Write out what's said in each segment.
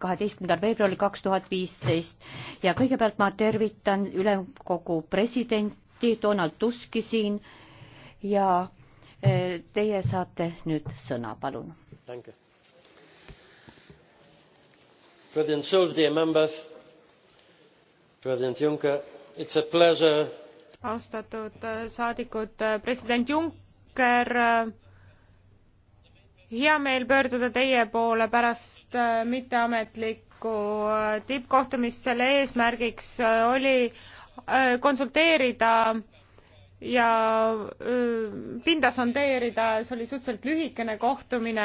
kaheteistkümnendal veebruaril kaks tuhat viisteist ja kõigepealt ma tervitan ülemkogu presidenti Donald Tuski siin ja eh, teie saate nüüd sõna, palun. president Schulz, dear members, president Juncker, it's a pleasure. austatud eh, saadikud, eh, president Juncker hea meel pöörduda teie poole pärast äh, mitteametlikku äh, tippkohtumist, selle eesmärgiks äh, oli konsulteerida ja pinda sondeerida, see oli suhteliselt lühikene kohtumine.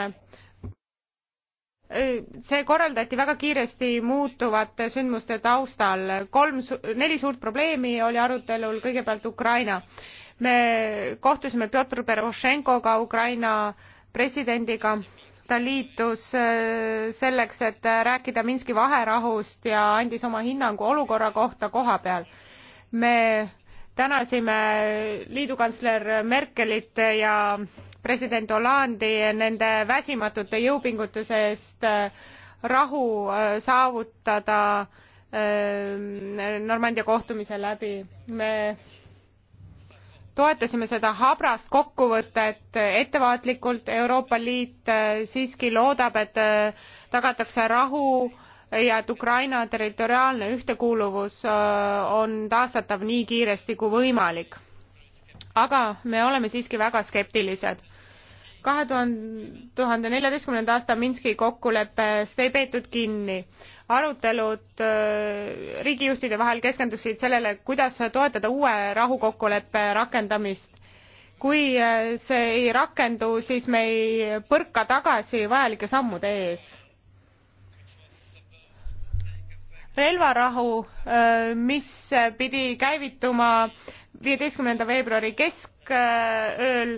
see korraldati väga kiiresti muutuvate sündmuste taustal, kolm, neli suurt probleemi oli arutelul, kõigepealt Ukraina. me kohtusime Pjotr Perošenkoga, Ukraina äh, presidendiga ta liitus äh, selleks, et äh, rääkida Minski vaherahust ja andis oma hinnangu olukorra kohta koha peal. me tänasime liidukantsler Merkelit ja president Hollandi nende väsimatute jõupingutuse eest äh, rahu saavutada Normandia kohtumise läbi. me toetasime seda habrast kokkuvõtet ettevaatlikult, Euroopa Liit äh, siiski loodab, et äh, tagatakse rahu ja et Ukraina territoriaalne ühtekuuluvus äh, on taastatav nii kiiresti kui võimalik. aga me oleme siiski väga skeptilised. kahe tuhande neljateistkümnenda aasta Minski kokkuleppest ei peetud kinni arutelud äh, riigijuhtide vahel keskenduksid sellele, kuidas toetada uue rahukokkuleppe rakendamist. kui äh, see ei rakendu, siis me ei põrka tagasi vajalike sammude ees. relvarahu, äh, mis pidi käivituma viieteistkümnenda veebruari keskööl,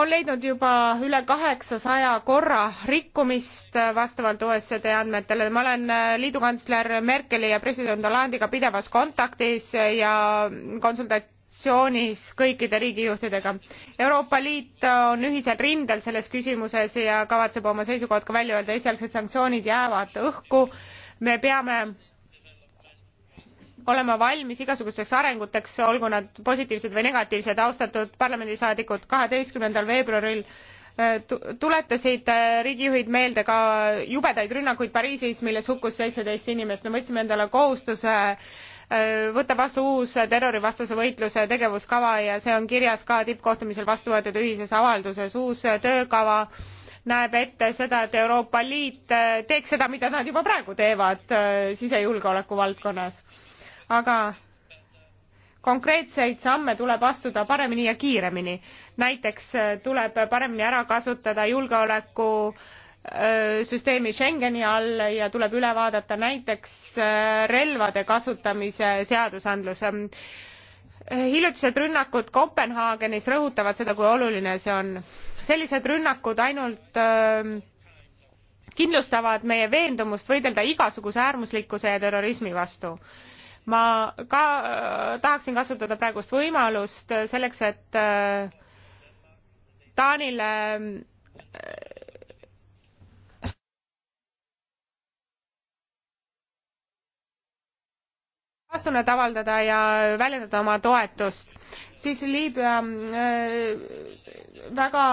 on leidnud juba üle kaheksasaja korra rikkumist vastavalt osce andmetele. ma olen äh, liidu kantsler merkeli ja president hollande'iga pidevas kontaktis ja konsultatsioonis kõikide riigijuhtidega. euroopa liit on ühisel rindel selles küsimuses ja kavatseb oma seisukohad ka välja öelda esialgsed sanktsioonid jäävad õhku me peame olema valmis igasugusteks arenguteks, olgu nad positiivsed või negatiivsed, austatud parlamendisaadikud, kaheteistkümnendal veebruaril äh, tuletasid äh, riigijuhid meelde ka jubedaid rünnakuid Pariisis, milles hukkus seitseteist inimest. me võtsime endale kohustuse äh, võtta vastu uus terrorivastase võitluse tegevuskava ja see on kirjas ka tippkohtumisel vastu võetud ühises avalduses. uus töökava näeb ette seda, et Euroopa Liit teeks seda, mida nad juba praegu teevad sisejulgeoleku valdkonnas aga konkreetseid samme tuleb astuda paremini ja kiiremini. näiteks äh, tuleb paremini ära kasutada julgeoleku äh, süsteemi Schengeni all ja tuleb üle vaadata näiteks äh, relvade kasutamise seadusandlus. hiljutised rünnakud Kopenhaagenis rõhutavad seda, kui oluline see on. sellised rünnakud ainult kindlustavad meie veendumust võidelda igasuguse äärmuslikkuse ja terrorismi vastu ma ka äh, tahaksin kasutada praegust võimalust äh, selleks, et äh, Taanile kaastunnet avaldada ja väljendada oma toetust, siis Liibüa äh, väga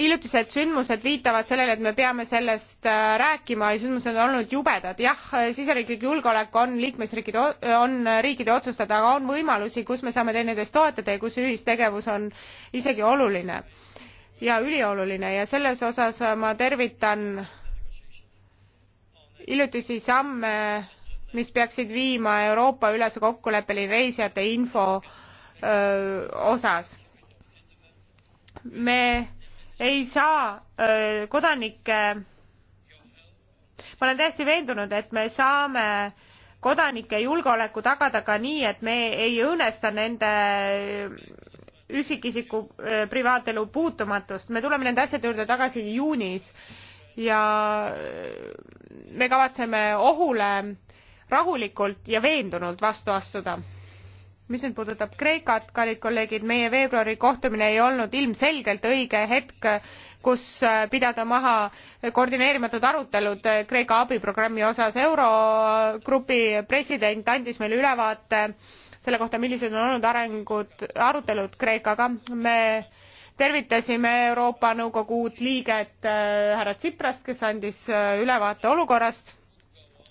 hiljutised sündmused viitavad sellele, et me peame sellest äh, rääkima ja sündmused on olnud jubedad. jah, äh, siseriiklik julgeolek on liikmesriikide, on äh, riikide otsustada, aga on võimalusi, kus me saame teineteist toetada ja kus ühistegevus on isegi oluline ja ülioluline ja selles osas ma tervitan hiljutisi samme, mis peaksid viima Euroopa ülese kokkuleppeni reisijate info öö, osas. me ei saa kodanikke, ma olen täiesti veendunud, et me saame kodanike julgeoleku tagada ka nii, et me ei õõnesta nende üksikisiku privaatelu puutumatust. me tuleme nende asjade juurde tagasi juunis ja me kavatseme ohule rahulikult ja veendunult vastu astuda mis nüüd puudutab Kreekat, kallid kolleegid, meie veebruari kohtumine ei olnud ilmselgelt õige hetk, kus äh, pidada maha koordineerimatud arutelud Kreeka abiprogrammi osas. eurogrupi president andis meile ülevaate selle kohta, millised on olnud arengud, arutelud Kreekaga. me tervitasime Euroopa Nõukogu uut liiget äh, härra Tsiprast, kes andis äh, ülevaate olukorrast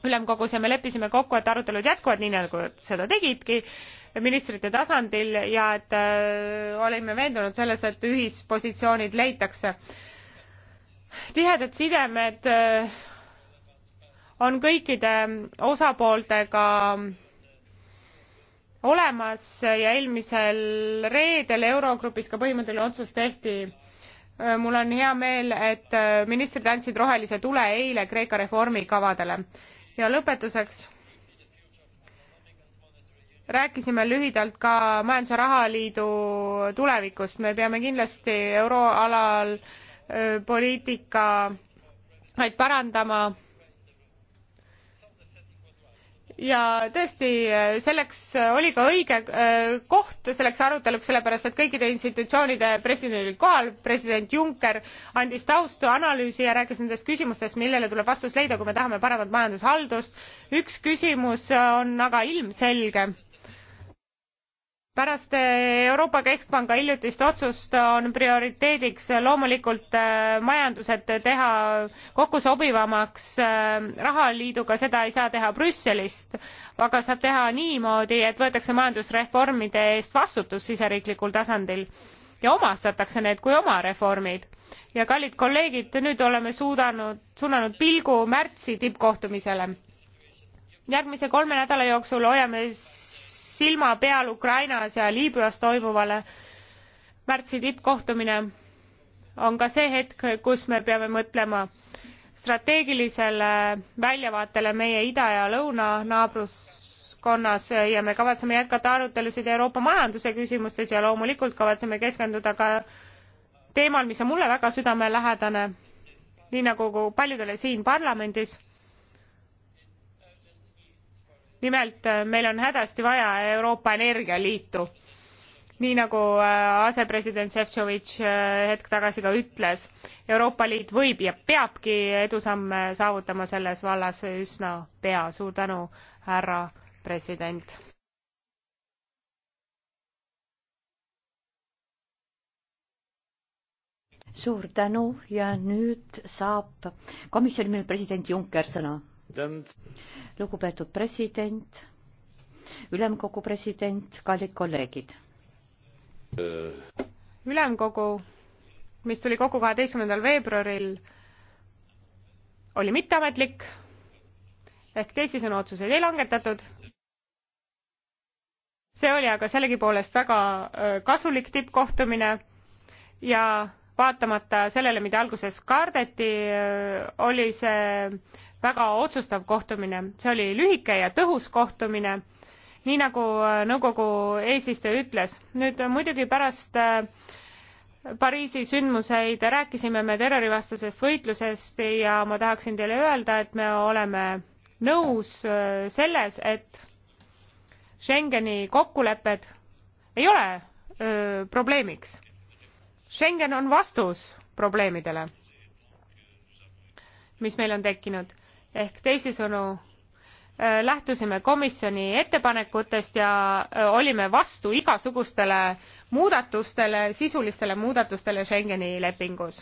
ülemkogus ja me leppisime kokku, et arutelud jätkuvad nii, nagu seda tegidki ministrite tasandil ja et äh, olime veendunud selles, et ühispositsioonid leitakse. tihedad sidemed äh, on kõikide osapooltega olemas ja eelmisel reedel Eurogrupis ka põhimõtteline otsus tehti äh, mul on hea meel, et äh, ministrid andsid rohelise tule eile Kreeka reformikavadele ja lõpetuseks rääkisime lühidalt ka majandus ja rahaliidu tulevikust me peame kindlasti euroalal poliitika vaid parandama ja tõesti, eh, selleks eh, oli ka õige eh, koht selleks aruteluks, sellepärast et kõikide institutsioonide president oli kohal, president Juncker andis taustu, analüüsi ja rääkis nendest küsimustest, millele tuleb vastus leida, kui me tahame paremat majandushaldust. üks küsimus on aga ilmselge pärast Euroopa Keskpanga hiljutist otsust on prioriteediks loomulikult äh, majandused teha kokku sobivamaks äh, rahaliiduga, seda ei saa teha Brüsselist, aga saab teha niimoodi, et võetakse majandusreformide eest vastutus siseriiklikul tasandil ja omastatakse need kui oma reformid. ja kallid kolleegid, nüüd oleme suudanud, suunanud pilgu märtsi tippkohtumisele. järgmise kolme nädala jooksul hoiame silma peal Ukrainas ja Liibüas toimuvale. märtsi tippkohtumine on ka see hetk, kus me peame mõtlema strateegilisele väljavaatele meie ida ja lõuna naabruskonnas ja me kavatseme jätkata arutelusid Euroopa majanduse küsimustes ja loomulikult kavatseme keskenduda ka teemal, mis on mulle väga südamelähedane, nii nagu paljudele siin parlamendis nimelt äh, meil on hädasti vaja Euroopa Energialiitu, nii nagu äh, asepresident Šefčovitš äh, hetk tagasi ka ütles. Euroopa Liit võib ja peabki edusamme saavutama selles vallas üsna pea. suur tänu, härra president. suur tänu ja nüüd saab komisjoni president Juncker sõna lugupeetud president, ülemkogu president, kallid kolleegid. ülemkogu, mis tuli kokku kaheteistkümnendal veebruaril, oli mitteametlik ehk teisisõnu otsuseid ei langetatud. see oli aga sellegipoolest väga kasulik tippkohtumine ja vaatamata sellele, mida alguses kardeti, oli see väga otsustav kohtumine. see oli lühike ja tõhus kohtumine, nii nagu äh, nõukogu eesistuja ütles. nüüd äh, muidugi pärast äh, Pariisi sündmuseid rääkisime me terrorivastasest võitlusest ja ma tahaksin teile öelda, et me oleme nõus selles, et Schengeni kokkulepped ei ole öö, probleemiks. Schengen on vastus probleemidele, mis meil on tekkinud ehk teisisõnu äh, lähtusime komisjoni ettepanekutest ja äh, olime vastu igasugustele muudatustele sisulistele muudatustele schengeni lepingus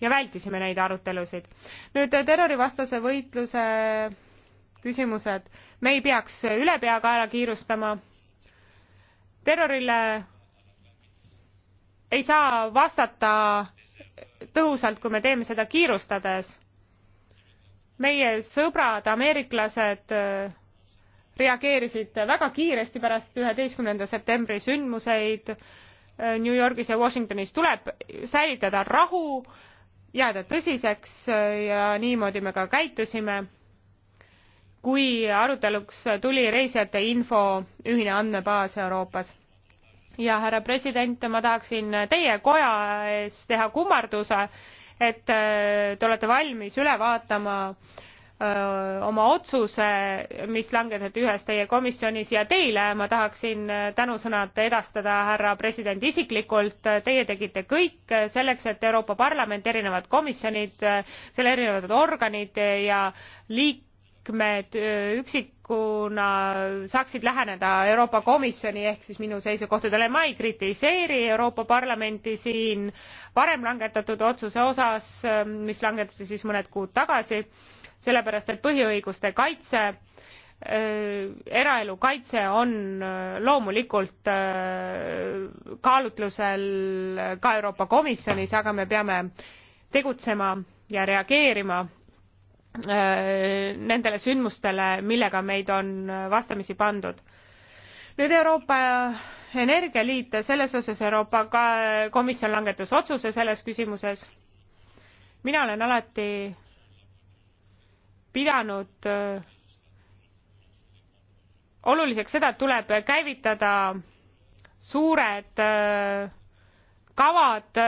ja vältisime neid arutelusid nüüd äh, terrorivastase võitluse küsimused me ei peaks ülepeakaela kiirustama terrorile ei saa vastata tõhusalt kui me teeme seda kiirustades meie sõbrad, ameeriklased äh, reageerisid väga kiiresti pärast üheteistkümnenda septembri sündmuseid äh, New Yorgis ja Washingtonis. tuleb säilitada rahu, jääda tõsiseks äh, ja niimoodi me ka käitusime. kui aruteluks tuli reisijate info ühine andmebaas Euroopas ja härra president, ma tahaksin teie koja ees teha kummarduse et äh, te olete valmis üle vaatama öö, äh, oma otsuse, mis langetati ühes teie komisjonis ja teile ma tahaksin äh, tänusõnad edastada, härra president, isiklikult. Teie tegite kõik selleks, et Euroopa Parlament, erinevad komisjonid, selle erinevad organid ja liik-, liikmed äh, üksikuna saaksid läheneda Euroopa Komisjoni ehk siis minu seisukohtadele. ma ei kritiseeri Euroopa Parlamenti siin varem langetatud otsuse osas, äh, mis langetati siis mõned kuud tagasi, sellepärast et põhiõiguste kaitse äh, eraelu kaitse on loomulikult kaalutlusel ka Euroopa Komisjonis, aga me peame tegutsema ja reageerima Äh, nendele sündmustele, millega meid on vastamisi pandud. nüüd Euroopa Energialiit, selles osas Euroopa Komisjon langetas otsuse selles küsimuses. mina olen alati pidanud äh, oluliseks seda, et tuleb käivitada suured äh, kavad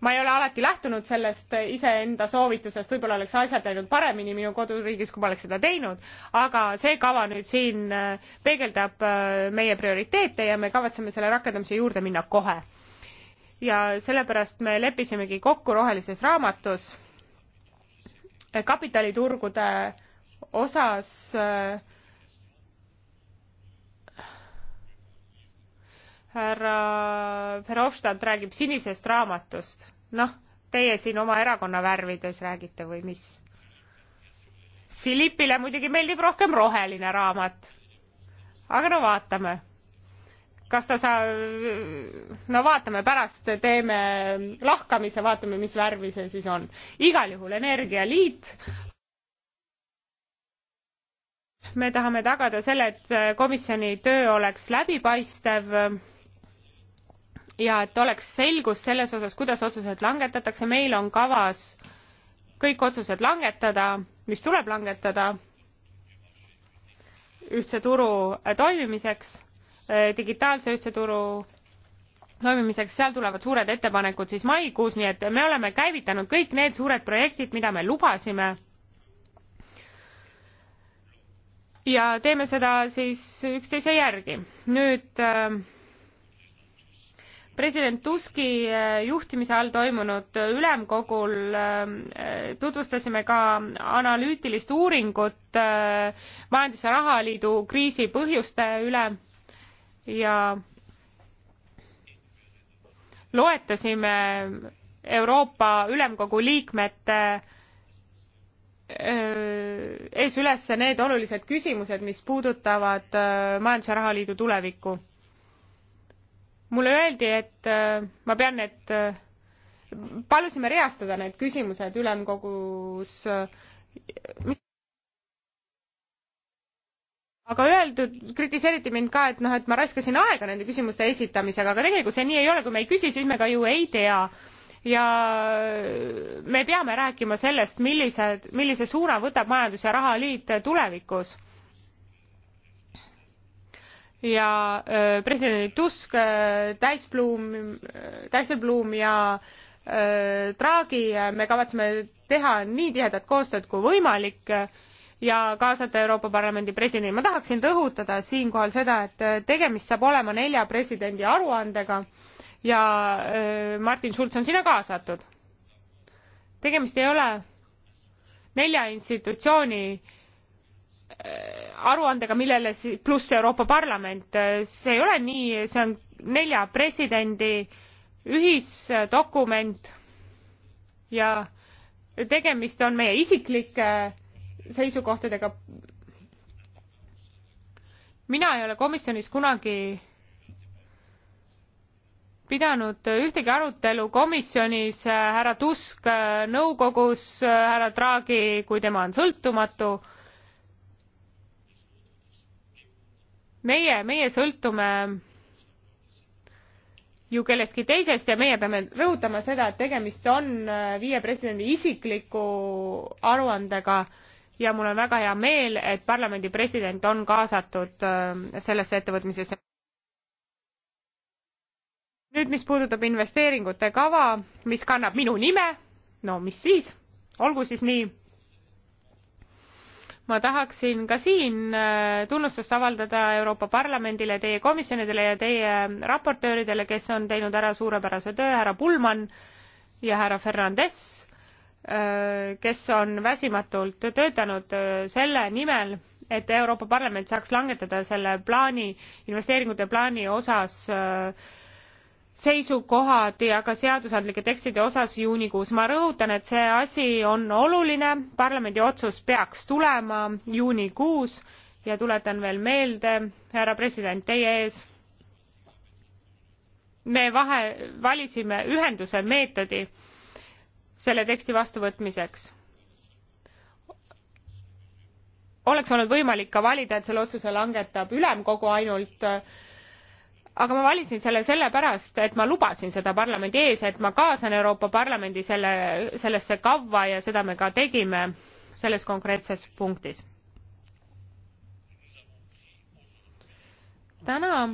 ma ei ole alati lähtunud sellest iseenda soovitusest, võib-olla oleks asjad läinud paremini minu koduriigis, kui ma oleks seda teinud, aga see kava nüüd siin äh, peegeldab äh, meie prioriteete ja me kavatseme selle rakendamise juurde minna kohe. ja sellepärast me leppisimegi kokku rohelises raamatus äh, kapitaliturgude osas äh, härra Verhofstadt räägib sinisest raamatust. noh, teie siin oma erakonna värvides räägite või mis? Philippile muidugi meeldib rohkem roheline raamat. aga no vaatame. kas ta saab, no vaatame pärast, teeme lahkamise, vaatame, mis värvi see siis on. igal juhul Energialiit me tahame tagada selle, et komisjoni töö oleks läbipaistev ja et oleks selgus selles osas, kuidas otsuseid langetatakse, meil on kavas kõik otsused langetada, mis tuleb langetada ühtse turu toimimiseks, digitaalse ühtse turu toimimiseks, seal tulevad suured ettepanekud siis maikuus, nii et me oleme käivitanud kõik need suured projektid, mida me lubasime. ja teeme seda siis üksteise järgi. nüüd äh, president Tuski äh, juhtimise all toimunud äh, ülemkogul äh, tutvustasime ka analüütilist uuringut majandus- ja rahaliidu kriisi põhjuste üle ja loetasime Euroopa Ülemkogu liikmete ees üles need olulised küsimused, mis puudutavad majandus- ja rahaliidu tulevikku mulle öeldi, et äh, ma pean need, äh, palusime reastada need küsimused ülemkogus. Äh, aga öeldud, kritiseeriti mind ka, et noh, et ma raiskasin aega nende küsimuste esitamisega, aga tegelikult see nii ei ole, kui me ei küsi, siis me ka ju ei tea ja me peame rääkima sellest millised millise suuna võtab majandus ja rahaliit tulevikus ja äh, presidendid Tusk, Dijsselbloem, äh, Dijsselbloem äh, ja Draghi, me kavatseme teha nii tihedat koostööd kui võimalik ja kaasata Euroopa Parlamendi presidendi. ma tahaksin rõhutada siinkohal seda, et tegemist saab olema nelja presidendi aruandega ja Martin Schulz on sinna kaasatud. tegemist ei ole nelja institutsiooni Äh, aruandega millele siis pluss euroopa parlament äh, see ei ole nii see on nelja presidendi ühisdokument ja tegemist on meie isiklike seisukohtadega mina ei ole komisjonis kunagi pidanud ühtegi arutelu komisjonis äh, härra tusk nõukogus härra draghi kui tema on sõltumatu meie, meie sõltume ju kellestki teisest ja meie peame rõhutama seda, et tegemist on äh, viie presidendi isikliku aruandega ja mul on väga hea meel, et parlamendi president on kaasatud äh, sellesse ettevõtmisesse. nüüd, mis puudutab investeeringute kava, mis kannab minu nime, no mis siis, olgu siis nii ma tahaksin ka siin äh, tunnustust avaldada Euroopa Parlamendile, teie komisjonidele ja teie raportööridele, kes on teinud ära suurepärase töö, härra Pullmann ja härra Fernandes, äh, kes on väsimatult töötanud äh, selle nimel, et Euroopa Parlament saaks langetada selle plaani, investeeringute plaani osas äh, seisukohad ja ka seadusandlike tekstide osas juunikuus. ma rõhutan, et see asi on oluline, parlamendi otsus peaks tulema juunikuus ja tuletan veel meelde, härra president, teie ees, me vahe, valisime ühenduse meetodi selle teksti vastuvõtmiseks oleks olnud võimalik ka valida et selle otsuse langetab ülemkogu ainult aga ma valisin selle sellepärast, et ma lubasin seda parlamendi ees, et ma kaasan Euroopa Parlamendi selle, sellesse kavva ja seda me ka tegime selles konkreetses punktis. täna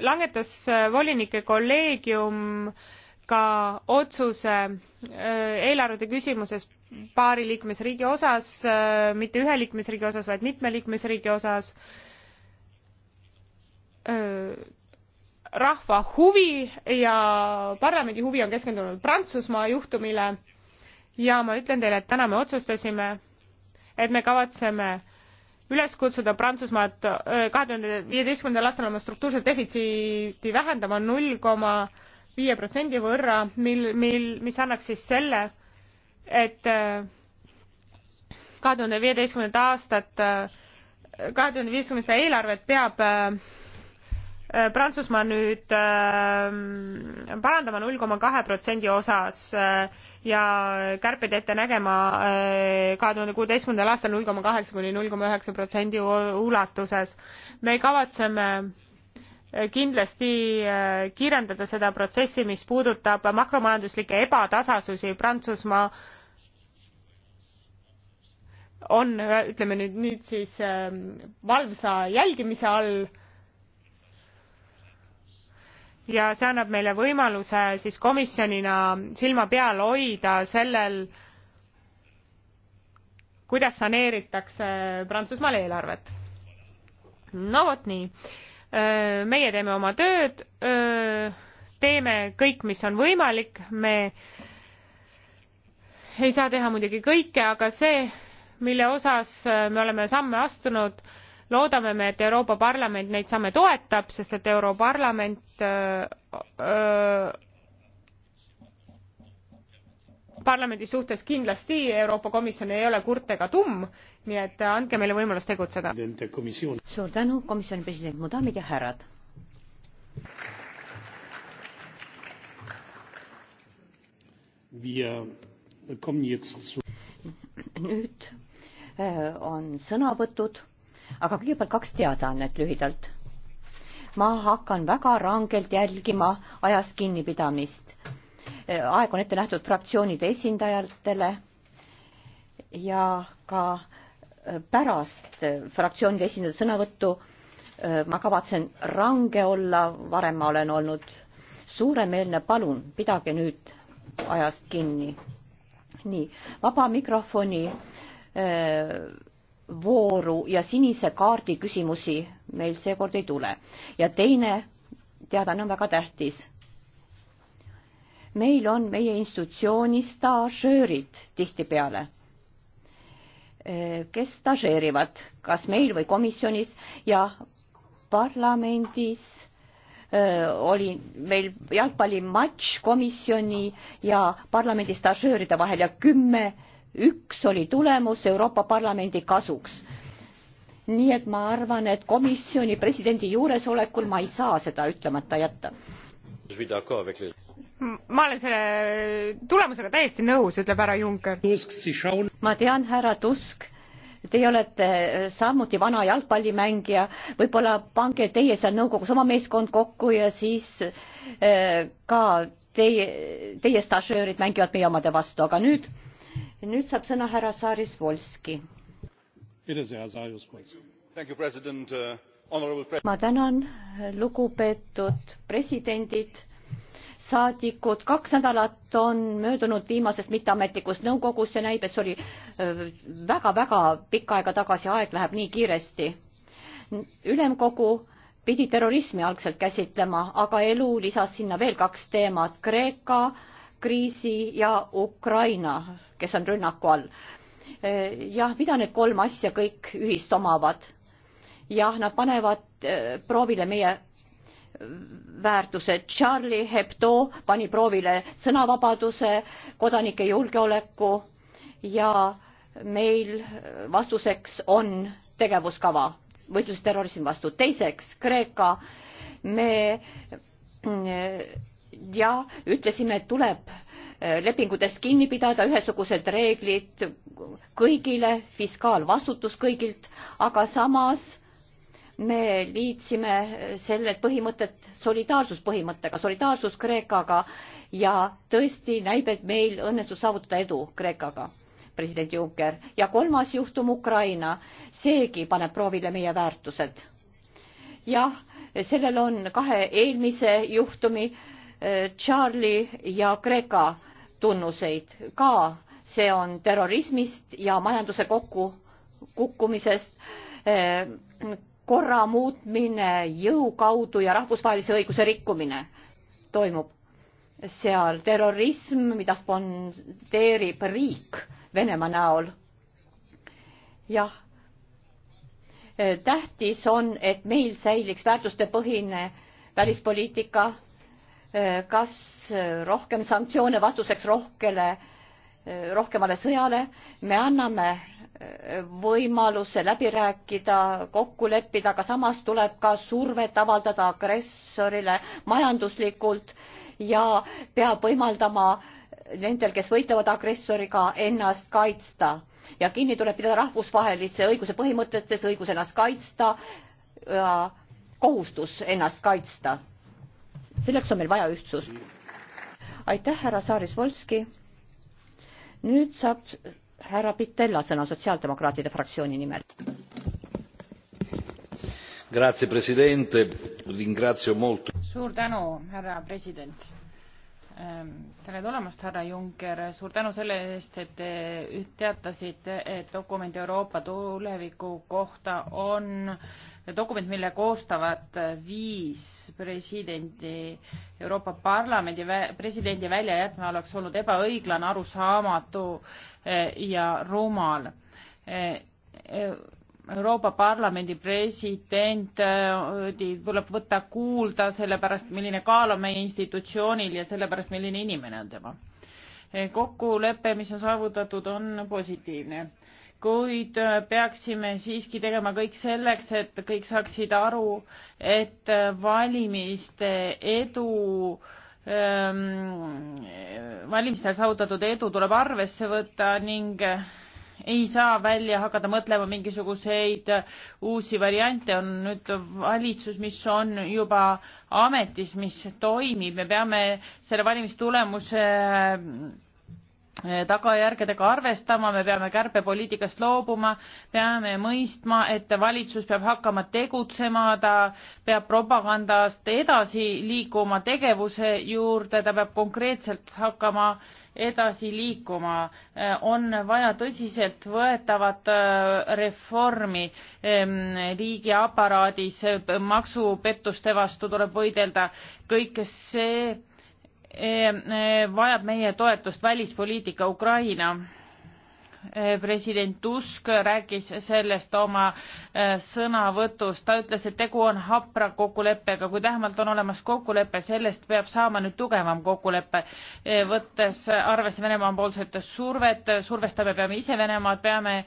langetas volinike kolleegium ka otsuse äh, eelarvete küsimuses paari liikmesriigi osas, äh, mitte ühe liikmesriigi osas, vaid mitme liikmesriigi osas rahva huvi ja parlamendi huvi on keskendunud Prantsusmaa juhtumile ja ma ütlen teile, et täna me otsustasime, et me kavatseme üles kutsuda Prantsusmaad kahe tuhande viieteistkümnendal aastal oma struktuurset defitsiiti vähendama null koma viie protsendi võrra, mil, mil, mis annaks siis selle, et kahe tuhande viieteistkümnendat aastat, kahe tuhande viieteistkümnenda eelarvet peab Prantsusmaa nüüd ähm, parandama null koma kahe protsendi osas äh, ja kärpeid ette nägema äh, kahe tuhande kuueteistkümnendal aastal null koma kaheksa kuni null koma üheksa protsendi ulatuses. me kavatseme äh, kindlasti kiirendada seda protsessi, mis puudutab makromajanduslikke ebatasasusi Prantsusmaa on, ütleme nüüd, nüüd siis ähm, valvsa jälgimise all ja see annab meile võimaluse siis komisjonina silma peal hoida sellel, kuidas saneeritakse Prantsusmaal eelarvet. no vot nii, meie teeme oma tööd, teeme kõik, mis on võimalik, me ei saa teha muidugi kõike, aga see, mille osas me oleme samme astunud, loodame me et euroopa parlament neid samme toetab sest et europarlament äh, äh, parlamendi suhtes kindlasti euroopa komisjon ei ole kurt ega tumm nii et andke meile võimalus tegutseda suur tänu komisjoni president mu daamid ja härrad nüüd äh, on sõnavõtud aga kõigepealt kaks teadaannet lühidalt. ma hakkan väga rangelt jälgima ajast kinnipidamist. aeg on ette nähtud fraktsioonide esindajatele ja ka pärast fraktsioonide esindajate sõnavõttu äh, ma kavatsen range olla, varem ma olen olnud suuremeelne, palun pidage nüüd ajast kinni. nii, vaba mikrofoni öö, äh, vooru ja sinise kaardi küsimusi meil seekord ei tule. ja teine teadaanne on väga tähtis. meil on meie institutsiooni staažöörid tihtipeale, kes stažeerivad kas meil või komisjonis ja parlamendis e, oli meil jalgpallimatš komisjoni ja parlamendi stažööride vahel ja kümme üks oli tulemus Euroopa Parlamendi kasuks. nii et ma arvan, et komisjoni presidendi juuresolekul ma ei saa seda ütlemata jätta ma olen selle tulemusega täiesti nõus ütleb härra juncker ma tean härra tusk teie olete samuti vana jalgpallimängija võibolla pange teie seal nõukogus oma meeskond kokku ja siis äh, ka teie teie stažöörid mängivad meie omade vastu aga nüüd nüüd saab sõna härra Saaris Volski. Uh, ma tänan, lugupeetud presidendid, saadikud, kaks nädalat on möödunud viimasest mitteametlikust nõukogust ja näib, et see oli väga-väga äh, pikka aega tagasi, aeg läheb nii kiiresti. ülemkogu pidi terrorismi algselt käsitlema, aga elu lisas sinna veel kaks teemat, Kreeka kriisi ja Ukraina, kes on rünnaku all. jah, mida need kolm asja kõik ühist omavad? jah, nad panevad eh, proovile meie väärtused. Charlie Hebdo pani proovile sõnavabaduse, kodanike julgeoleku ja meil vastuseks on tegevuskava võitlus terrorismi vastu. teiseks, Kreeka, me mm, ja ütlesime, et tuleb äh, lepingutest kinni pidada, ühesugused reeglid kõigile, fiskaalvastutus kõigilt, aga samas me liitsime selle põhimõtet solidaarsuspõhimõttega, solidaarsus Kreekaga ja tõesti näib, et meil õnnestus saavutada edu Kreekaga, president Juncker. ja kolmas juhtum Ukraina, seegi paneb proovile meie väärtused. jah, sellel on kahe eelmise juhtumi äh, Eh, Charlie ja Kreeka tunnuseid ka. see on terrorismist ja majanduse kokkukukkumisest, eh, korra muutmine jõu kaudu ja rahvusvahelise õiguse rikkumine toimub seal. terrorism, mida spondeerib riik Venemaa näol. jah, eh, tähtis on, et meil säiliks väärtustepõhine välispoliitika Äh, kas äh, rohkem sanktsioone vastuseks rohkele, äh, rohkemale sõjale, me anname võimaluse läbi rääkida, kokku leppida, aga samas tuleb ka survet avaldada agressorile majanduslikult ja peab võimaldama nendel, kes võitlevad agressoriga, ennast kaitsta ja kinni tuleb pidada rahvusvahelise õiguse põhimõtetes, õigus ennast kaitsta ja kohustus ennast kaitsta selleks on meil vaja ühtsust. aitäh, härra Saaris-Volski. nüüd saab härra Pitella sõna Sotsiaaldemokraatide fraktsiooni nimel. suur tänu, härra president Ehm, tere tulemast, härra Juncker, suur tänu selle eest, et te teatasite, et dokument Euroopa tuleviku kohta on dokument, mille koostavad viis presidendi, Euroopa Parlamendi presidendi väljajätme oleks olnud ebaõiglane, arusaamatu eh, ja rumal eh, eh, Euroopa Parlamendi president äh, tuleb võtta kuulda sellepärast, milline kaal on meie institutsioonil ja sellepärast, milline inimene on tema. kokkulepe, mis on saavutatud, on positiivne, kuid äh, peaksime siiski tegema kõik selleks, et kõik saaksid aru, et äh, valimiste edu ähm, valimistel saavutatud edu tuleb arvesse võtta ning ei saa välja hakata mõtlema mingisuguseid uusi variante, on nüüd valitsus, mis on juba ametis, mis toimib, me peame selle valimistulemuse Eh, tagajärgedega arvestama, me peame kärpepoliitikast loobuma, peame mõistma, et valitsus peab hakkama tegutsema, ta peab propagandast edasi liikuma tegevuse juurde, ta peab konkreetselt hakkama edasi liikuma. Eh, on vaja tõsiseltvõetavat eh, reformi ehm, riigiaparaadis, maksupettuste vastu tuleb võidelda, kõik see E, e, vajab meie toetust välispoliitika Ukraina. E, president Tusk rääkis sellest oma sõnavõtus, ta ütles, et tegu on hapra kokkuleppega, kui vähemalt on olemas kokkulepe, sellest peab saama nüüd tugevam kokkulepe. võttes arvesse Venemaa poolset survet, survestame, peame ise Venemaad, peame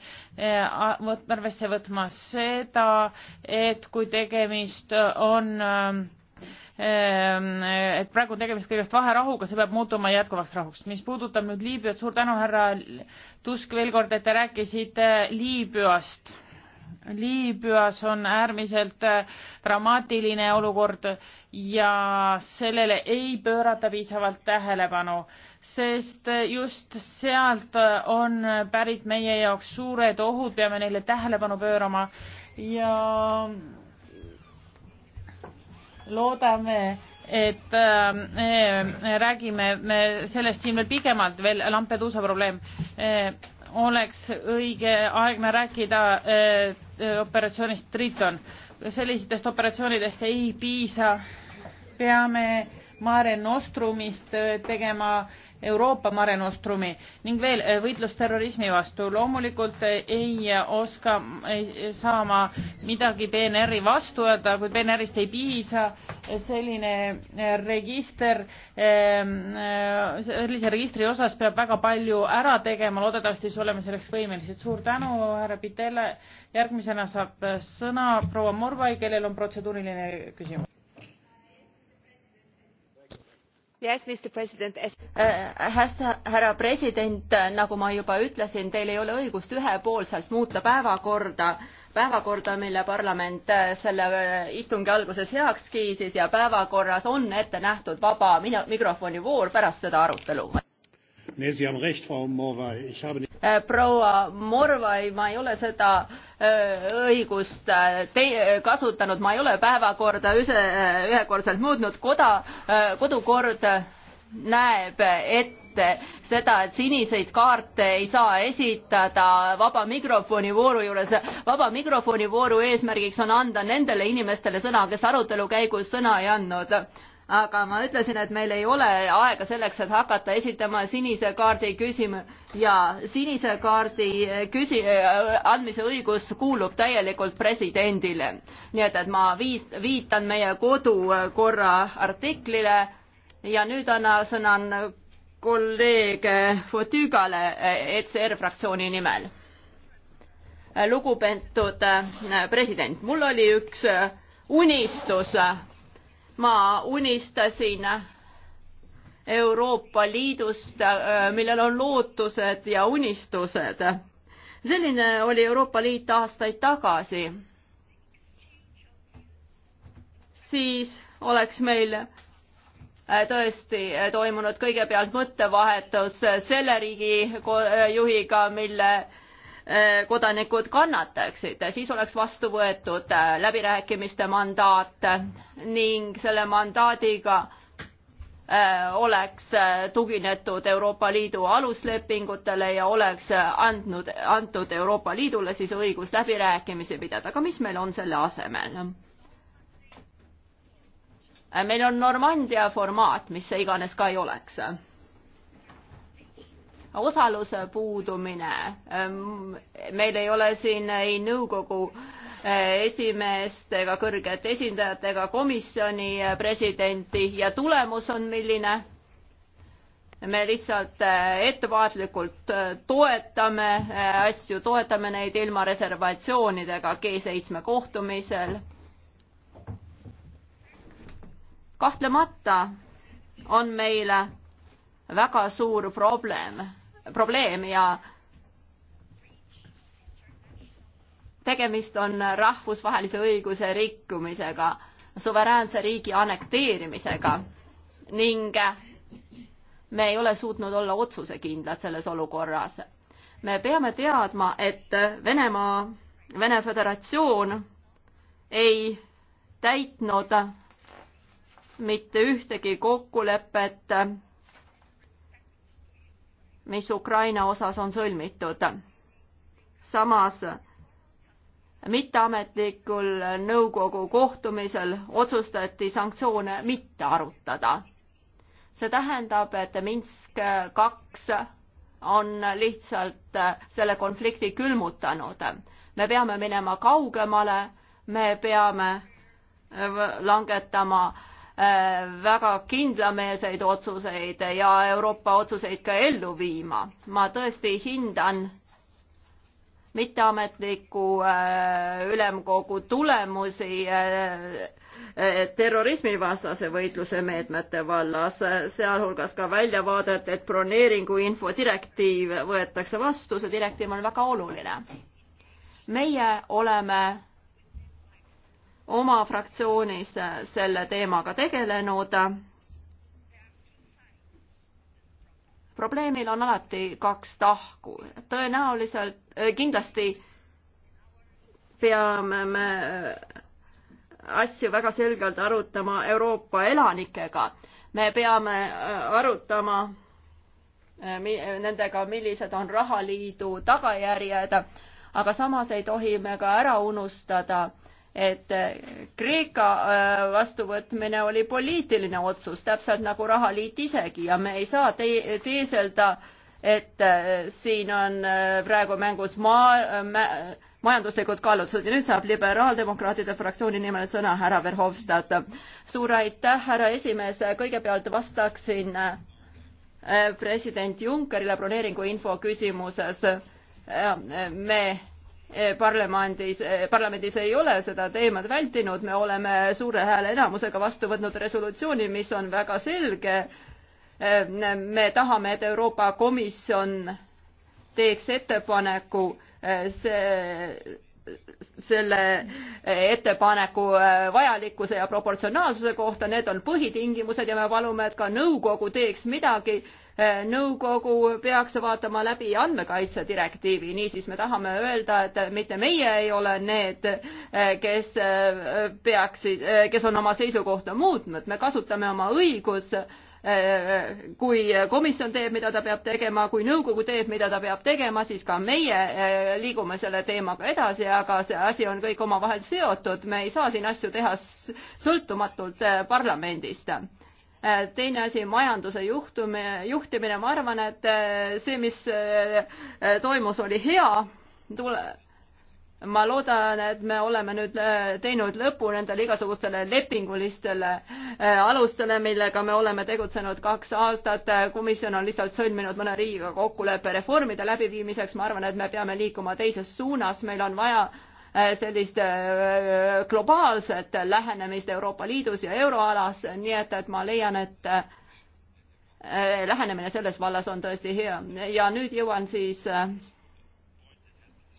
arvesse võtma seda, et kui tegemist on Ehm, et praegu on tegemist kõigest vaherahuga, see peab muutuma jätkuvaks rahuks. mis puudutab nüüd Liibüat, suur tänu, härra Tusk, veel kord, et te rääkisite Liibüast. Liibüas on äärmiselt äh, dramaatiline olukord ja sellele ei pöörata piisavalt tähelepanu, sest just sealt äh, on pärit meie jaoks suured ohud, peame neile tähelepanu pöörama ja loodame, et äh, räägime me sellest siin veel pigemalt, veel Lampeduusa probleem äh,. oleks õige aegne rääkida äh, operatsioonist Triton. sellistest operatsioonidest ei piisa, peame Mare Nostrumist äh, tegema äh, Euroopa Mare Nostrumi ning veel eh, võitlus terrorismi vastu. loomulikult eh, ei eh, oska ei saama midagi PNR-i vastu öelda, kui PNR-ist ei piisa, selline register, ehm, sellise registri osas peab väga palju ära tegema, loodetavasti siis oleme selleks võimelised. suur tänu, härra Pitele. järgmisena saab sõna proua Morvai, kellel on protseduuriline küsimus Äh, härra president nagu ma juba ütlesin teil ei ole õigust ühepoolselt muuta päevakorda päevakorda mille parlament äh, selle äh, istungi alguses heaks kiitis ja päevakorras on ette nähtud vaba mikrofoni voor pärast seda arutelu. Nee, Sie haben recht, Frau Morvai. Ich habe nicht... Äh, proua Morvai, ma ei ole seda äh, õigust äh, te-, kasutanud, ma ei ole päevakorda üse, ühekordselt muutnud, koda, kodukord näeb ette seda, et siniseid kaarte ei saa esitada vaba mikrofoni vooru juures. vaba mikrofoni vooru eesmärgiks on anda nendele inimestele sõna, kes arutelu käigus sõna ei andnud aga ma ütlesin, et meil ei ole aega selleks, et hakata esitama sinise kaardi küsimu- ja sinise kaardi eh, küsi-, eh, andmise õigus kuulub täielikult presidendile. nii et, et ma viis-, viitan meie kodukorra eh, artiklile ja nüüd annan sõna kolleeg Fotügale ECR e fraktsiooni nimel. lugupeetud president, mul oli üks unistus ma unistasin Euroopa Liidust, äh, millel on lootused ja unistused. selline oli Euroopa Liit aastaid tagasi. siis oleks meil äh, tõesti äh, toimunud kõigepealt mõttevahetus selle riigi juhiga, mille Äh, kodanikud kannataksid, siis oleks vastu võetud äh, läbirääkimiste mandaat ning selle mandaadiga äh, oleks tuginetud Euroopa Liidu aluslepingutele ja oleks andnud, antud Euroopa Liidule siis õigus läbirääkimisi pidada, aga mis meil on selle asemel? meil on Normandia formaat, mis see iganes ka ei oleks osaluse puudumine. Ähm, meil ei ole siin ei nõukogu äh, esimeest ega kõrget esindajat ega komisjoni äh, presidenti ja tulemus on milline? me lihtsalt äh, ettevaatlikult toetame asju, toetame neid ilma reservatsioonidega G7 kohtumisel. kahtlemata on meil väga suur probleem probleem ja tegemist on rahvusvahelise õiguse rikkumisega, suveräänse riigi annekteerimisega ning me ei ole suutnud olla otsusekindlad selles olukorras. me peame teadma, et Venemaa, Vene Föderatsioon ei täitnud mitte ühtegi kokkulepet mis Ukraina osas on sõlmitud. samas mitteametlikul nõukogu kohtumisel otsustati sanktsioone mitte arutada. see tähendab, et Minsk kaks on lihtsalt selle konflikti külmutanud. me peame minema kaugemale, me peame langetama äh, väga kindlameelseid otsuseid ja Euroopa otsuseid ka ellu viima. ma tõesti hindan mitteametliku äh, ülemkogu tulemusi äh, äh, terrorismivastase võitluse meetmete vallas, sealhulgas ka väljavaadet, et broneeringu infodirektiiv võetakse vastu, see direktiiv on väga oluline. meie oleme oma fraktsioonis äh, selle teemaga tegelenud. probleemil on alati kaks tahku, tõenäoliselt, äh, kindlasti peame me äh, asju väga selgelt arutama Euroopa elanikega. me peame arutama nendega, millised on rahaliidu tagajärjed, aga samas ei tohi me ka ära unustada äh, et eh, Kreeka eh, vastuvõtmine oli poliitiline otsus, täpselt nagu rahaliit isegi ja me ei saa te teeselda, et eh, siin on praegu mängus maa mä, majanduslikud kaalutlused ja nüüd saab liberaaldemokraatide fraktsiooni nimel sõna härra Verhofstadt. suur aitäh, härra esimees, kõigepealt vastaksin president Junckerile broneeringu info küsimuses. me Eh, parlamendis, eh, parlamendis ei ole seda teemat vältinud, me oleme suure hääle enamusega vastu võtnud resolutsiooni, mis on väga selge. Eh, me tahame, et Euroopa Komisjon teeks ettepaneku see selle ettepaneku äh, vajalikkuse ja proportsionaalsuse kohta, need on põhitingimused ja me palume, et ka nõukogu teeks midagi. Äh, nõukogu peaks vaatama läbi andmekaitse direktiivi, niisiis me tahame öelda, et mitte meie ei ole need, äh, kes peaksid, kes on oma seisukohta muutnud, me kasutame oma õigus kui komisjon teeb, mida ta peab tegema, kui nõukogu teeb, mida ta peab tegema, siis ka meie eh, liigume selle teemaga edasi, aga see asi on kõik omavahel seotud, me ei saa siin asju teha sõltumatult eh, parlamendist. Eh, teine asi, majanduse juhtumine, juhtimine, ma arvan, et see, mis toimus, oli hea tule ma loodan, et me oleme nüüd äh, teinud lõpu nendele igasugustele lepingulistele äh, alustele, millega me oleme tegutsenud kaks aastat. komisjon on lihtsalt sõlminud mõne riigiga kokkuleppe reformide läbiviimiseks. ma arvan, et me peame liikuma teises suunas, meil on vaja äh, sellist globaalset lähenemist Euroopa Liidus ja euroalas, nii et, et ma leian, et lähenemine selles vallas on tõesti hea ja nüüd jõuan siis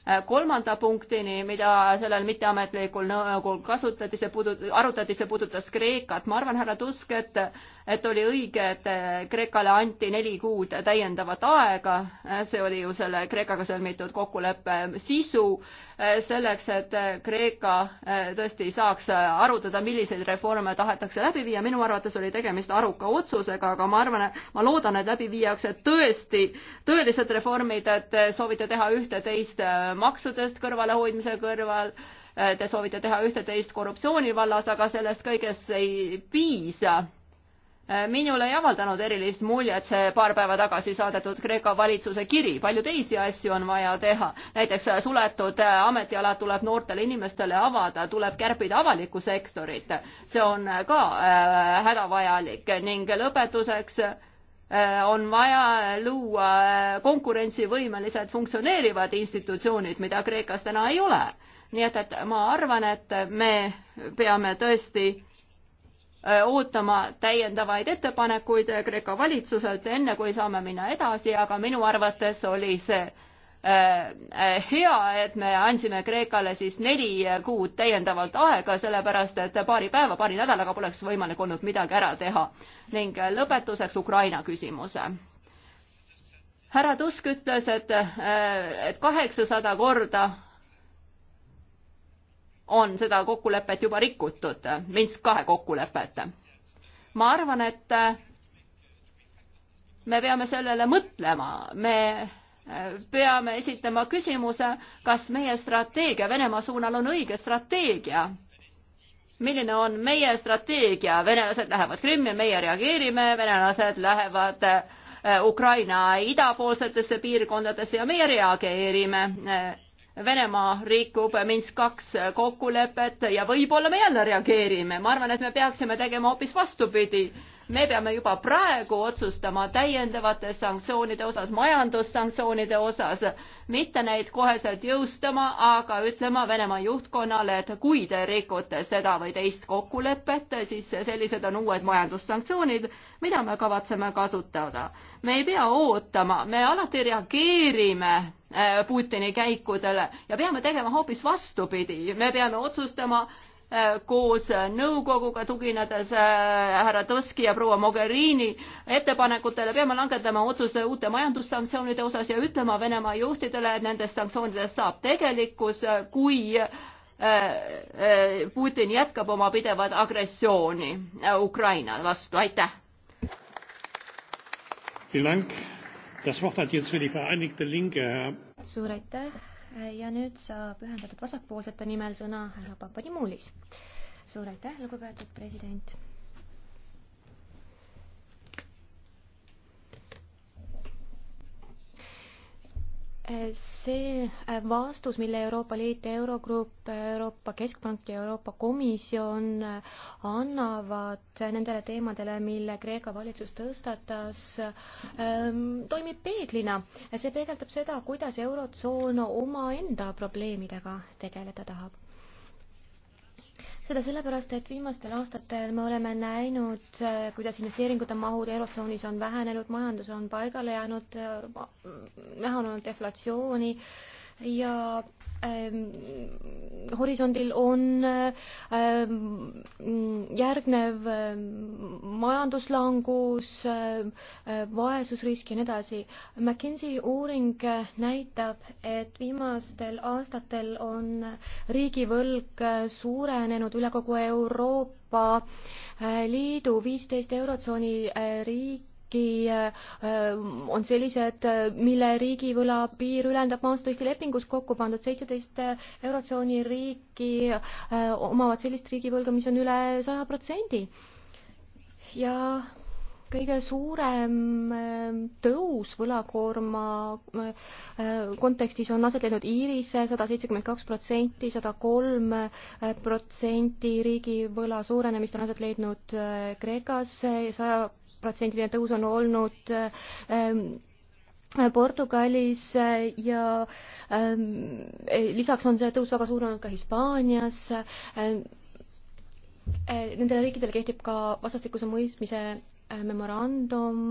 Äh, kolmanda punktini, mida sellel mitteametlikul nõukogul kasutati, see puudut-, arutati, see puudutas Kreekat. ma arvan, härra Tusk, et et oli õige, et eh, Kreekale anti neli kuud täiendavat aega, see oli ju selle Kreekaga sõlmitud kokkuleppe sisu, eh, selleks, et eh, Kreeka tõesti saaks arutada, milliseid reforme tahetakse läbi viia, minu arvates oli tegemist aruka otsusega, aga ma arvan, ma loodan, et läbi viiakse tõesti tõelised reformid, et soovite teha ühte-teist maksudest kõrvalehoidmise kõrval, te soovite teha ühte-teist korruptsiooni vallas, aga sellest kõigest ei piisa Äh, minule ei avaldanud erilist muljet see paar päeva tagasi saadetud Kreeka valitsuse kiri, palju teisi asju on vaja teha. näiteks äh, suletud äh, ametialad tuleb noortele inimestele avada, tuleb kärpida avalikku sektorit, see on ka hädavajalik ning lõpetuseks on vaja luua konkurentsivõimelised funktsioneerivad institutsioonid, mida Kreekas täna ei ole. nii et, et ma arvan, et me peame tõesti Äh, ootama täiendavaid ettepanekuid Kreeka valitsuselt, enne kui saame minna edasi, aga minu arvates oli see äh, äh, hea, et me andsime Kreekale siis neli kuud täiendavalt aega, sellepärast et paari päeva, paari nädalaga poleks võimalik olnud midagi ära teha. ning lõpetuseks Ukraina küsimuse. härra Tusk ütles, et, et kaheksasada korda on seda kokkulepet juba rikutud, Minsk kahe kokkulepet. ma arvan, et me peame sellele mõtlema, me peame esitama küsimuse, kas meie strateegia Venemaa suunal on õige strateegia. milline on meie strateegia, venelased lähevad Krimmi, meie reageerime, venelased lähevad äh, Ukraina idapoolsetesse piirkondadesse ja meie reageerime Venemaa rikub Minsk kaks kokkulepet ja võib-olla me jälle reageerime. ma arvan, et me peaksime tegema hoopis vastupidi me peame juba praegu otsustama täiendavate sanktsioonide osas, majandussanktsioonide osas, mitte neid koheselt jõustama, aga ütlema Venemaa juhtkonnale, et kui te rikute seda või teist kokkulepet, siis sellised on uued majandussanktsioonid, mida me kavatseme kasutada. me ei pea ootama, me alati reageerime eh, Putini käikudele ja peame tegema hoopis vastupidi, me peame otsustama, Äh, koos nõukoguga, tuginedes äh, härra Tuski ja proua Mogherini ettepanekutele, peame langetama otsuse uute majandussanktsioonide osas ja ütlema Venemaa juhtidele, et nendest sanktsioonidest saab tegelikkus, äh, kui Putin jätkab oma pidevat agressiooni Ukraina vastu, aitäh. suur aitäh ja nüüd saab ühendatud vasakpoolsete nimel sõna härra Papadimoulis. suur aitäh, lugupeetud president see äh, vastus, mille Euroopa Liit, Eurogrupp, Euroopa Keskpank ja Euroopa Komisjon äh, annavad äh, nendele teemadele, mille Kreeka valitsus tõstatas, ähm, toimib peeglina. see peegeldab seda, kuidas Eurotsoon omaenda probleemidega tegeleda tahab seda sellepärast, et viimastel aastatel me oleme näinud, äh, kuidas investeeringute mahud eurotsoonis on vähenenud, majandus on paigale jäänud, äh, näha on olnud deflatsiooni äh, ja ähm, horisondil on ähm, järgnev ähm, majanduslangus ähm,, äh, vaesusrisk ja nii edasi. McKinsey uuring äh, näitab, et viimastel aastatel on riigivõlg äh, suurenenud üle kogu Euroopa Liidu, viisteist eurotsooni riik äkki äh, äh, on sellised, äh, mille riigivõla piir ülendab Maastrichti lepingus kokku pandud seitseteist eurotsooni riiki omavad sellist riigivõlga, mis on üle saja protsendi. ja kõige suurem tõus võlakoorma kontekstis on aset leidnud Iirise sada seitsekümmend kaks protsenti, sada kolm protsenti riigivõla suurenemist on aset leidnud Kreekas saja protsendiline tõus on olnud ähm, Portugalis äh, ja ähm, lisaks on see tõus väga suur olnud ka Hispaanias. Ähm, äh, nendele riikidele kehtib ka vastastikuse mõistmise äh, memorandum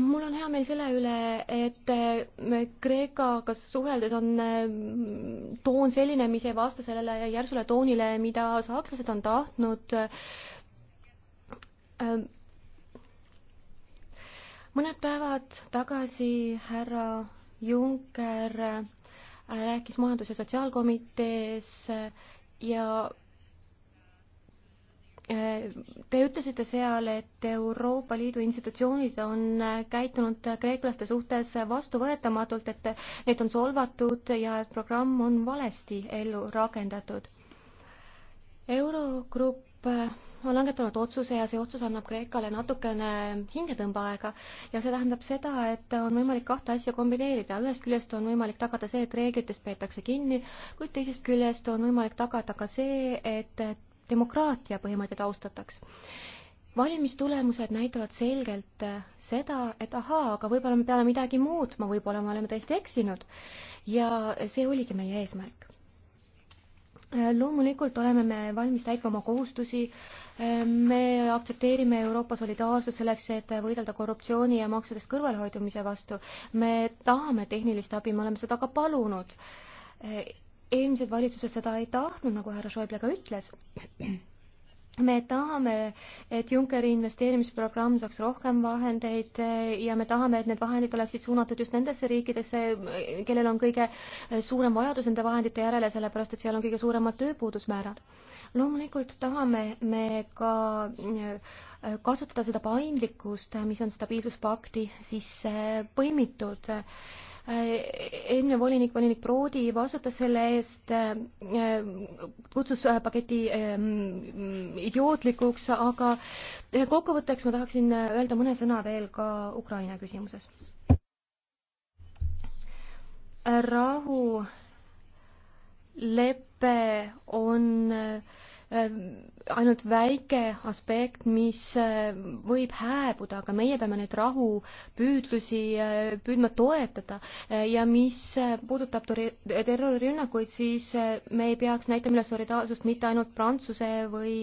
mul on hea meel selle üle, et Kreekaga suheldes on toon selline, mis ei vasta sellele järsule toonile, mida sakslased on tahtnud mõned päevad tagasi härra Juncker äh, rääkis Majandus- ja Sotsiaalkomitees äh, ja äh, Te ütlesite seal, et Euroopa Liidu institutsioonid on käitunud kreeklaste suhtes vastuvõetamatult, et neid on solvatud ja et programm on valesti ellu rakendatud. Eurogrupp Äh, on langetanud otsuse ja see otsus annab Kreekale natukene hingetõmbeaega ja see tähendab seda, et on võimalik kahte asja kombineerida, ühest küljest on võimalik tagada see, et reeglitest peetakse kinni, kuid teisest küljest on võimalik tagada ka see, et demokraatia põhimõtteid austataks valimistulemused näitavad selgelt seda, et ahaa, aga võib-olla me peame midagi muutma, võib-olla me oleme tõesti eksinud. ja see oligi meie eesmärk. Äh, loomulikult oleme me valmis täitma oma kohustusi. Äh, me aktsepteerime Euroopa solidaarsust selleks, et võidelda korruptsiooni ja maksudest kõrvalhoidumise vastu. me tahame tehnilist abi, me oleme seda ka palunud. Äh, eelmised valitsused seda ei tahtnud, nagu härra Schäuble ka ütles me tahame, et Junckeri investeerimisprogramm saaks rohkem vahendeid eh, ja me tahame, et need vahendid oleksid suunatud just nendesse riikidesse, eh, kellel on kõige eh, suurem vajadus nende vahendite järele, sellepärast et seal on kõige suuremad tööpuudusmäärad. loomulikult tahame me ka kasutada seda paindlikkust, mis on stabiilsuspakti sisse põimitud Äh, eelmine volinik, volinik Proodi vastutas selle eest, äh, kutsus äh, paketi ähm, idiootlikuks, aga kokkuvõtteks ma tahaksin öelda mõne sõna veel ka Ukraina küsimuses. rahu lepe on äh, Ehm, ainult väike aspekt, mis ehm, võib hääbuda, aga meie peame neid rahupüüdlusi ehm, püüdma toetada ja mis puudutab terrorirünnakuid, siis me ei peaks näitama üles solidaarsust mitte ainult Prantsuse või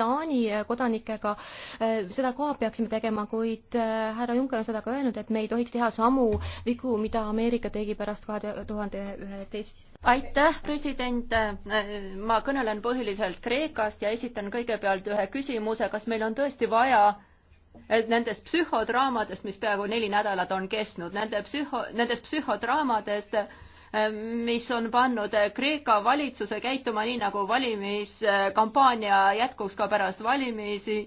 Taani kodanikega, seda ka peaksime tegema, kuid härra Juncker on seda ka öelnud, et me ei tohiks teha samu vigu, mida Ameerika tegi pärast kahe tuhande üheteist aitäh, president. ma kõnelen põhiliselt Kreekast ja esitan kõigepealt ühe küsimuse, kas meil on tõesti vaja nendest psühhodraamadest, mis peaaegu neli nädalat on kestnud, nende psühho, nendest psühhodraamadest, mis on pannud Kreeka valitsuse käituma nii, nagu valimiskampaania jätkuks ka pärast valimisi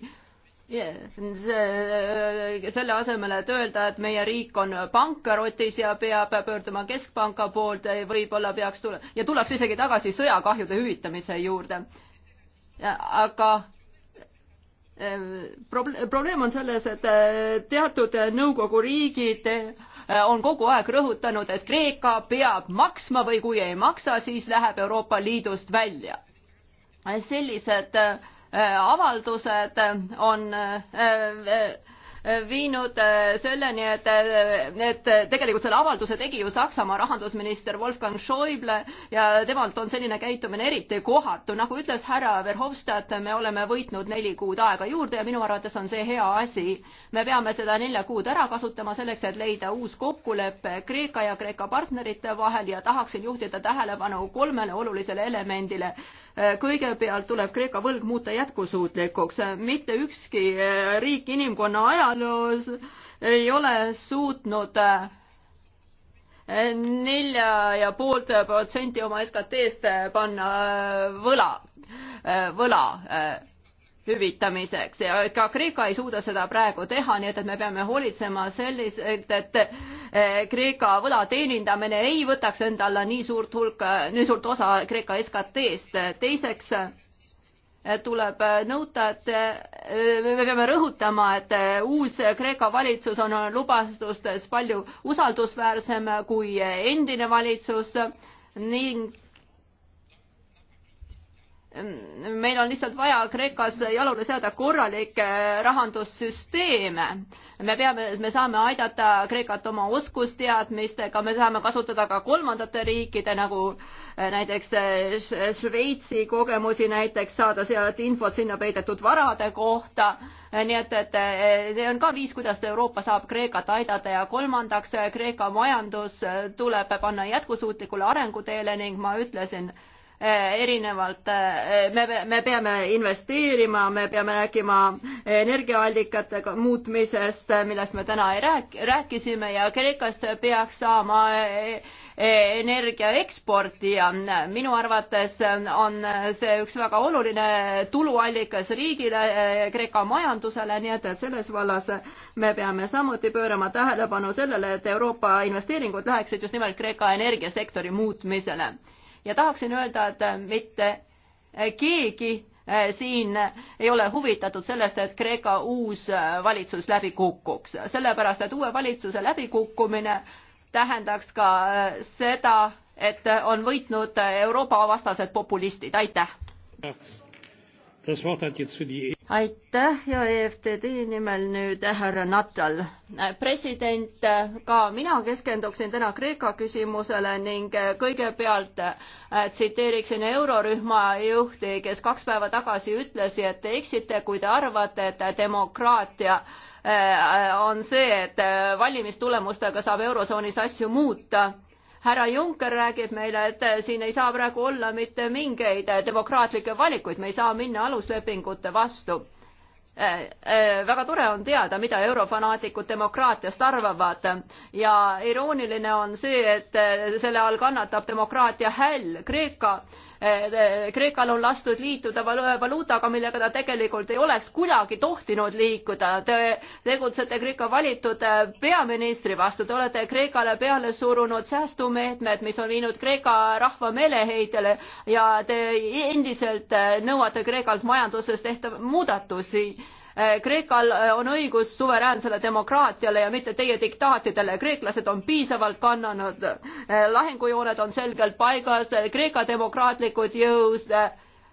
see, äh, selle asemel, et öelda, et meie riik on pankrotis ja peab pöörduma keskpanka poolt, võib-olla peaks tule- ja tullakse isegi tagasi sõjakahjude hüvitamise juurde. aga äh, probleem on selles, et äh, teatud nõukogu riigid on kogu aeg rõhutanud, et Kreeka peab maksma või kui ei maksa, siis läheb Euroopa Liidust välja. sellised äh, Äh, avaldused on äh, äh, viinud äh, selleni, et, äh, et tegelikult selle avalduse tegi ju Saksamaa rahandusminister Wolfgang Schäuble ja temalt on selline käitumine eriti kohatu. nagu ütles härra Verhofstadt, me oleme võitnud neli kuud aega juurde ja minu arvates on see hea asi. me peame seda nelja kuud ära kasutama selleks, et leida uus kokkulepe Kreeka ja Kreeka partnerite vahel ja tahaksin juhtida tähelepanu kolmele olulisele elemendile. Äh, kõigepealt tuleb Kreeka võlg muuta jätkusuutlikuks. mitte ükski riik inimkonna ajal ajaloos ei ole suutnud eh, nelja ja poolt protsenti oma SKT-st eh, panna eh, võla, võla hüvitamiseks ja ka Kreeka ei suuda seda praegu teha, nii et, et me peame hoolitsema selliselt, et Kreeka võla teenindamine ei võtaks enda alla nii suurt hulka, nii suurt osa Kreeka SKT-st. teiseks tuleb nõuta, et äh, me peame rõhutama, et äh, uus Kreeka valitsus on lubadustes palju usaldusväärsem kui endine valitsus ning meil on lihtsalt vaja Kreekas jalule seada korralikke äh, rahandussüsteeme. me peame, me saame aidata Kreekat oma oskusteadmistega, me saame kasutada ka kolmandate riikide nagu äh, näiteks äh, Šveitsi kogemusi, näiteks saada sealt infot sinna peidetud varade kohta. nii et, et see on ka viis, kuidas Euroopa saab Kreekat aidata ja kolmandaks, Kreeka majandus tuleb panna jätkusuutlikule arenguteele ning ma ütlesin, Eh, erinevalt, eh, me, me peame investeerima, me peame rääkima energiaallikate muutmisest, millest me täna ei rääk-, rääkisime ja Kreekast peaks saama eh, energia eksportija. minu arvates on see üks väga oluline tuluallikas riigile, Kreeka majandusele, nii et, et selles vallas me peame samuti pöörama tähelepanu sellele, et Euroopa investeeringud läheksid just nimelt Kreeka energiasektori muutmisele ja tahaksin öelda, et äh, mitte äh, keegi äh, siin ei ole huvitatud sellest, et Kreeka uus valitsus läbi kukuks, sellepärast et uue valitsuse läbikukkumine tähendaks ka seda, et on võitnud Euroopa vastased populistid, aitäh! E- aitäh ja EFTD nimel nüüd härra Natal. president, äh, ka mina keskenduksin täna Kreeka küsimusele ning äh, kõigepealt äh, tsiteeriksin eurorühma juhti, kes kaks päeva tagasi ütles, et te eksite, kui te arvate, et demokraatia on see, et valimistulemustega saab eurotsoonis asju muuta härra Juncker räägib meile, et siin ei saa praegu olla mitte mingeid demokraatlikke valikuid, me ei saa minna aluslepingute vastu. Äh, äh, väga tore on teada, mida eurofanaatikud demokraatiast arvavad ja irooniline on see, et selle all kannatab demokraatia häll. Kreeka Kreekal on lastud liituda valuutaga, millega ta tegelikult ei oleks kuidagi tohtinud liikuda. Te tegutsete Kreeka valitud äh, peaministri vastu, te olete Kreekale peale surunud säästumeetmed, mis on viinud Kreeka rahva meeleheitele ja te endiselt äh, nõuate Kreekalt majanduses tehtav muudatusi Eh, Kreekal eh, on õigus suveräänsele demokraatiale ja mitte teie diktaatidele. kreeklased on piisavalt kannanud, eh, lahingujooned on selgelt paigas, Kreeka demokraatlikud jõud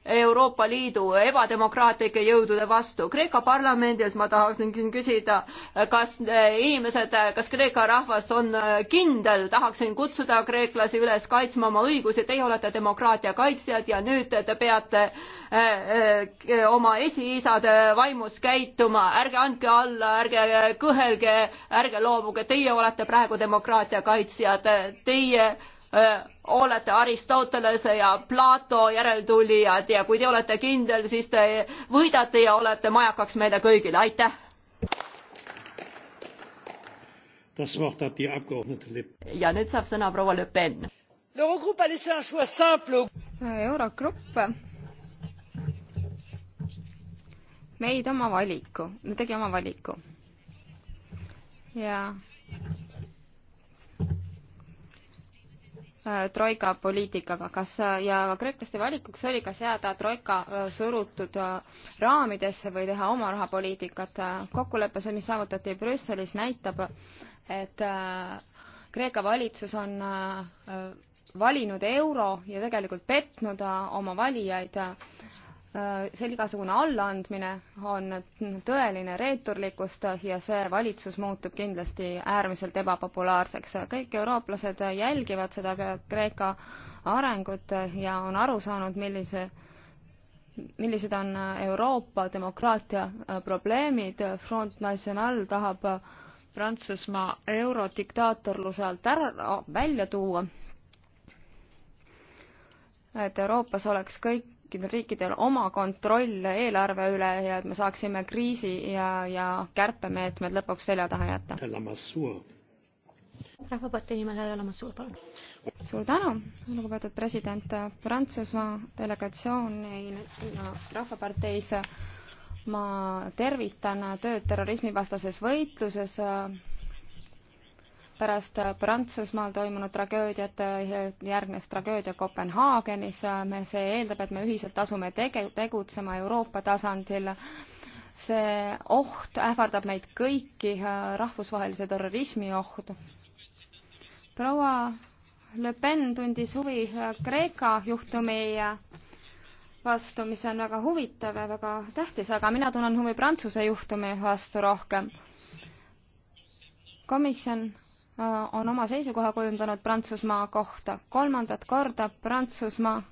Euroopa Liidu ebademokraatlike jõudude vastu. Kreeka parlamendilt ma tahaksin küsida, kas eh, inimesed, eh, kas Kreeka rahvas on eh, kindel, tahaksin kutsuda kreeklasi üles kaitsma oma õigusi, teie olete demokraatia kaitsjad ja nüüd te peate oma esiisade vaimus käituma, ärge andke alla, ärge kõhelge, ärge loobuge, teie olete praegu demokraatia kaitsjad, teie olete Aristotelese ja Plato järeltulijad ja kui te olete kindel, siis te võidate ja olete majakaks meile kõigile, aitäh! ja nüüd saab sõna proua Le Pen. eurogrupp meid oma valiku, tegi oma valiku ja Äh, troika poliitikaga, kas äh, ja kreeklaste valikuks oli, kas jääda troika äh, surutud raamidesse või teha oma rahapoliitikat. kokkulepe, see, mis saavutati Brüsselis, näitab, et Kreeka valitsus on valinud euro ja tegelikult petnud oma valijaid Äh, see igasugune allaandmine on tõeline reeturlikkust ja see valitsus muutub kindlasti äärmiselt ebapopulaarseks. kõik eurooplased jälgivad seda Kreeka arengut ja on aru saanud, millise, millised on Euroopa demokraatia äh, probleemid. Front National tahab Prantsusmaa eurodiktaatorluse alt ära, välja tuua. et Euroopas oleks kõik kõikidel riikidel oma kontroll eelarve üle ja et me saaksime kriisi ja, ja kärpemeetmed lõpuks selja taha jätta. rahvapartei nimel härra Lamassuur, palun. suur tänu, lugupeetud president. Prantsusmaa delegatsioon no, Rahvaparteis ma tervitan tööd terrorismivastases võitluses pärast Prantsusmaal toimunud tragöödiat järgnes tragöödia Kopenhaagenis, me, see eeldab, et me ühiselt asume tege-, tegutsema Euroopa tasandil. see oht ähvardab meid kõiki, rahvusvahelise terrorismi oht. proua Le Pen tundis huvi Kreeka juhtumi vastu, mis on väga huvitav ja väga tähtis, aga mina tunnen huvi Prantsuse juhtumi vastu rohkem. komisjon Äh, on oma seisukoha kujundanud Prantsusmaa kohta. kolmandat korda Prantsusmaa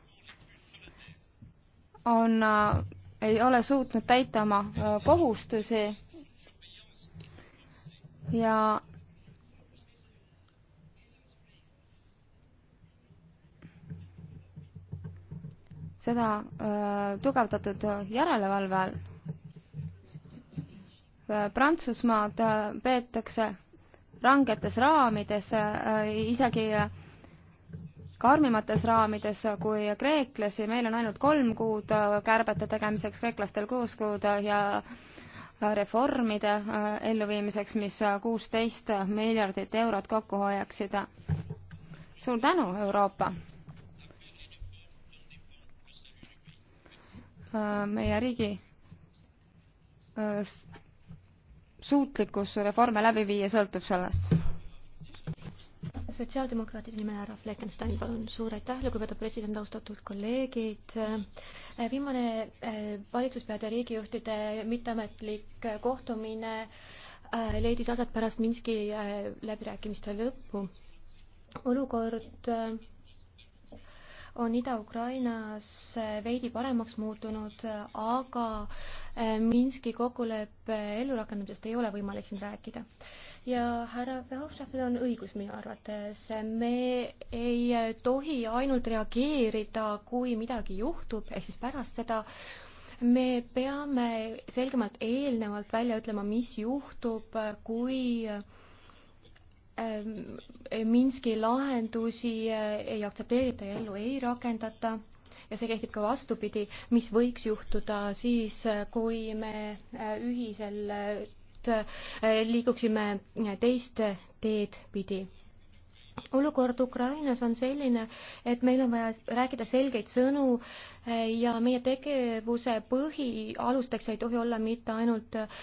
on, äh, ei ole suutnud täita oma äh, kohustusi ja seda öö, tugevdatud järelevalve all. Prantsusmaad peetakse rangetes raamides, äh, isegi äh, karmimates raamides kui kreeklasi, meil on ainult kolm kuud äh, kärbete tegemiseks, kreeklastel kuus kuud ja reformide elluviimiseks, mis kuusteist miljardit eurot kokku hoiaksid. suur tänu, Euroopa! meie riigi suutlikkus reforme läbi viia sõltub sellest. sotsiaaldemokraatide nimel härra Fleckenstein, palun, suur aitäh, lugupeetud president, austatud kolleegid. Äh, viimane äh, valitsuspeade ja riigijuhtide mitteametlik äh, kohtumine leidis aset pärast Minski läbirääkimiste lõppu. olukord on Ida-Ukrainas veidi paremaks muutunud, aga eh, Minski kokkuleppe ellurakendamisest ei ole võimalik siin rääkida. ja härra Verhofstadtil on õigus minu arvates, me ei tohi ainult reageerida, kui midagi juhtub, ehk siis pärast seda, me peame selgemalt eelnevalt välja ütlema, mis juhtub, kui äh, Ähm, Minski lahendusi äh, ei aktsepteerita ja ellu ei rakendata ja see kehtib ka vastupidi, mis võiks juhtuda siis, äh, kui me äh, ühiselt liiguksime teist teed pidi olukord Ukrainas on selline, et meil on vaja rääkida selgeid sõnu eh, ja meie tegevuse põhialusteks ei tohi olla mitte ainult eh,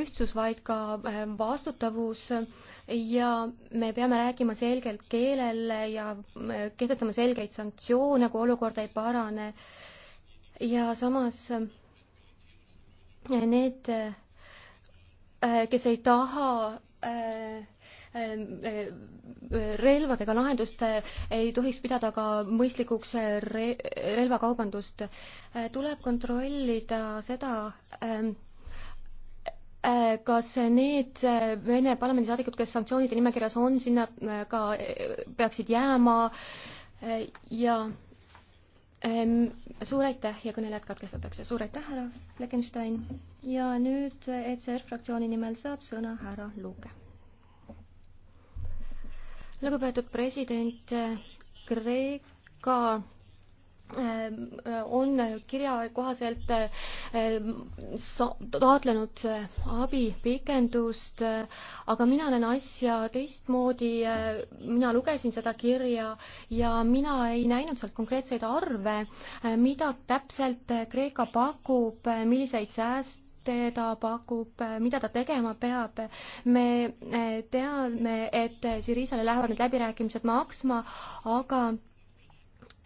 ühtsus, vaid ka eh, vastutavus ja me peame rääkima selgelt keelel ja kehtestama selgeid sanktsioone, kui olukord ei parane. ja samas need, kes ei taha Ehm, eh, eh, relvadega lahendust eh, ei tohiks pidada ka mõistlikuks re-, relvakaubandust. tuleb kontrollida seda, ehm, kas need Vene parlamendisaadikud, kes sanktsioonide nimekirjas on, sinna ka peaksid jääma ja ehm, suur aitäh ja kõnelejad katkestatakse. suur aitäh, härra Fleckenstein. ja nüüd ECR e fraktsiooni nimel saab sõna härra Luuke lugupeetud president, Kreeka äh, on kirja kohaselt äh, taotlenud äh, abipikendust, aga mina näen asja teistmoodi, mina lugesin seda kirja ja mina ei näinud sealt konkreetseid arve, mida täpselt Kreeka pakub, milliseid sääste teda pakub, äh, mida ta tegema peab. me äh, teame, et Sirisale lähevad need läbirääkimised maksma, aga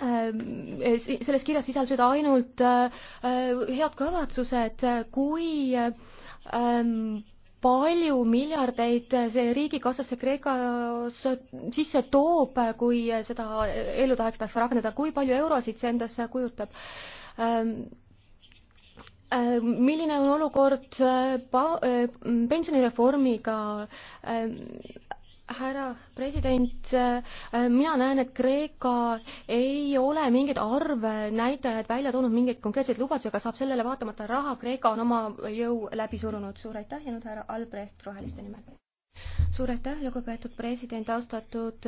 äh, selles kirjas sisaldusid ainult head kavatsused, kui ähm, palju miljardeid see riigikassasse Kreekas sisse toob, kui seda ellu tahetakse rakendada, kui palju eurosid see endasse kujutab? Ähm, Äh, milline on olukord äh, pa-, äh, pensionireformiga? Ähm, härra president, mina näen, et Kreeka ei ole mingeid arve, näitajaid välja toonud, mingeid konkreetseid lubadusi, aga saab sellele vaatamata raha, Kreeka on oma jõu läbi surunud. suur aitäh ja nüüd härra Albrecht Roheliste nimel. suur aitäh, lugupeetud president, austatud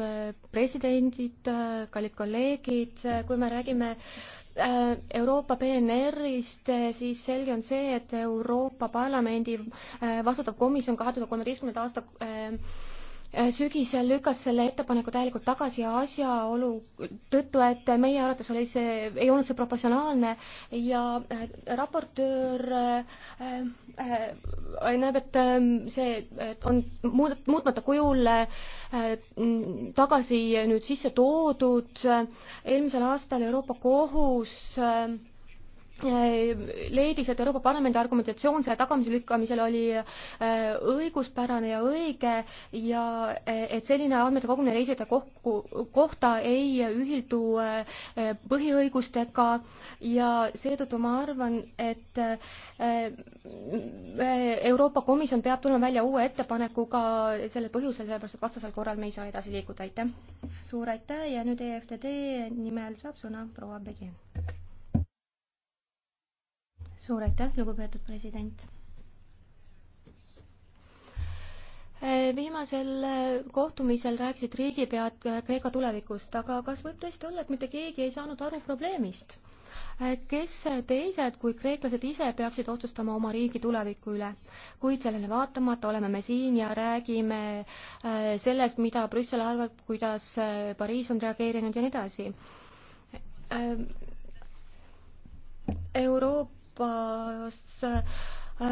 presidendid, kallid kolleegid, kui me räägime äh, Äh, Euroopa PNR-ist, äh, siis selge on see, et Euroopa Parlamendi äh, vastutav komisjon kahe tuhande kolmeteistkümnenda aasta sügisel lükkas selle ettepaneku täielikult tagasi asjaolu tõttu, et meie arvates oli see, ei olnud see proportsionaalne ja äh, raportöör äh, äh, näeb, et ähm, see et on muud, muutmata kujul äh, tagasi nüüd sisse toodud. eelmisel aastal Euroopa Kohus äh, leidis, et Euroopa Parlamendi argumentatsioon selle tagamise lükkamisel oli äh, õiguspärane ja õige ja äh, et selline andmete kogumine reisijate kokku, kohta ei ühildu äh, põhiõigustega ja seetõttu ma arvan, et Euroopa Komisjon peab tulema välja uue ettepanekuga sellel põhjusel, sellepärast et vastasel korral me ei saa edasi liikuda, aitäh! suur aitäh ja nüüd EFTD nimel saab sõna proua Begin suur aitäh, lugupeetud president. Äh, viimasel äh, kohtumisel rääkisid riigipead äh, Kreeka tulevikust, aga kas võib tõesti olla, et mitte keegi ei saanud aru probleemist? kes teised kui kreeklased ise peaksid otsustama oma riigi tuleviku üle. kuid sellele vaatamata oleme me siin ja räägime sellest, mida Brüssel arvab, kuidas Pariis on reageerinud ja nii edasi. Euroopa Euroopas äh,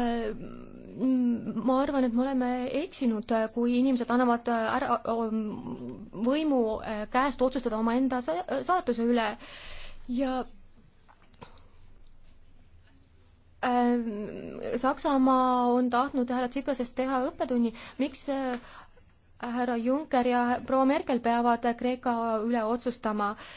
mm, ma arvan, et me oleme eksinud, kui inimesed annavad äh, ära ähm, võimu äh, käest otsustada omaenda saatuse üle ja Saksamaa on tahtnud härra Tsiprasest teha õppetunni, miks härra Juncker ja proua Merkel peavad Kreeka üle otsustama äh,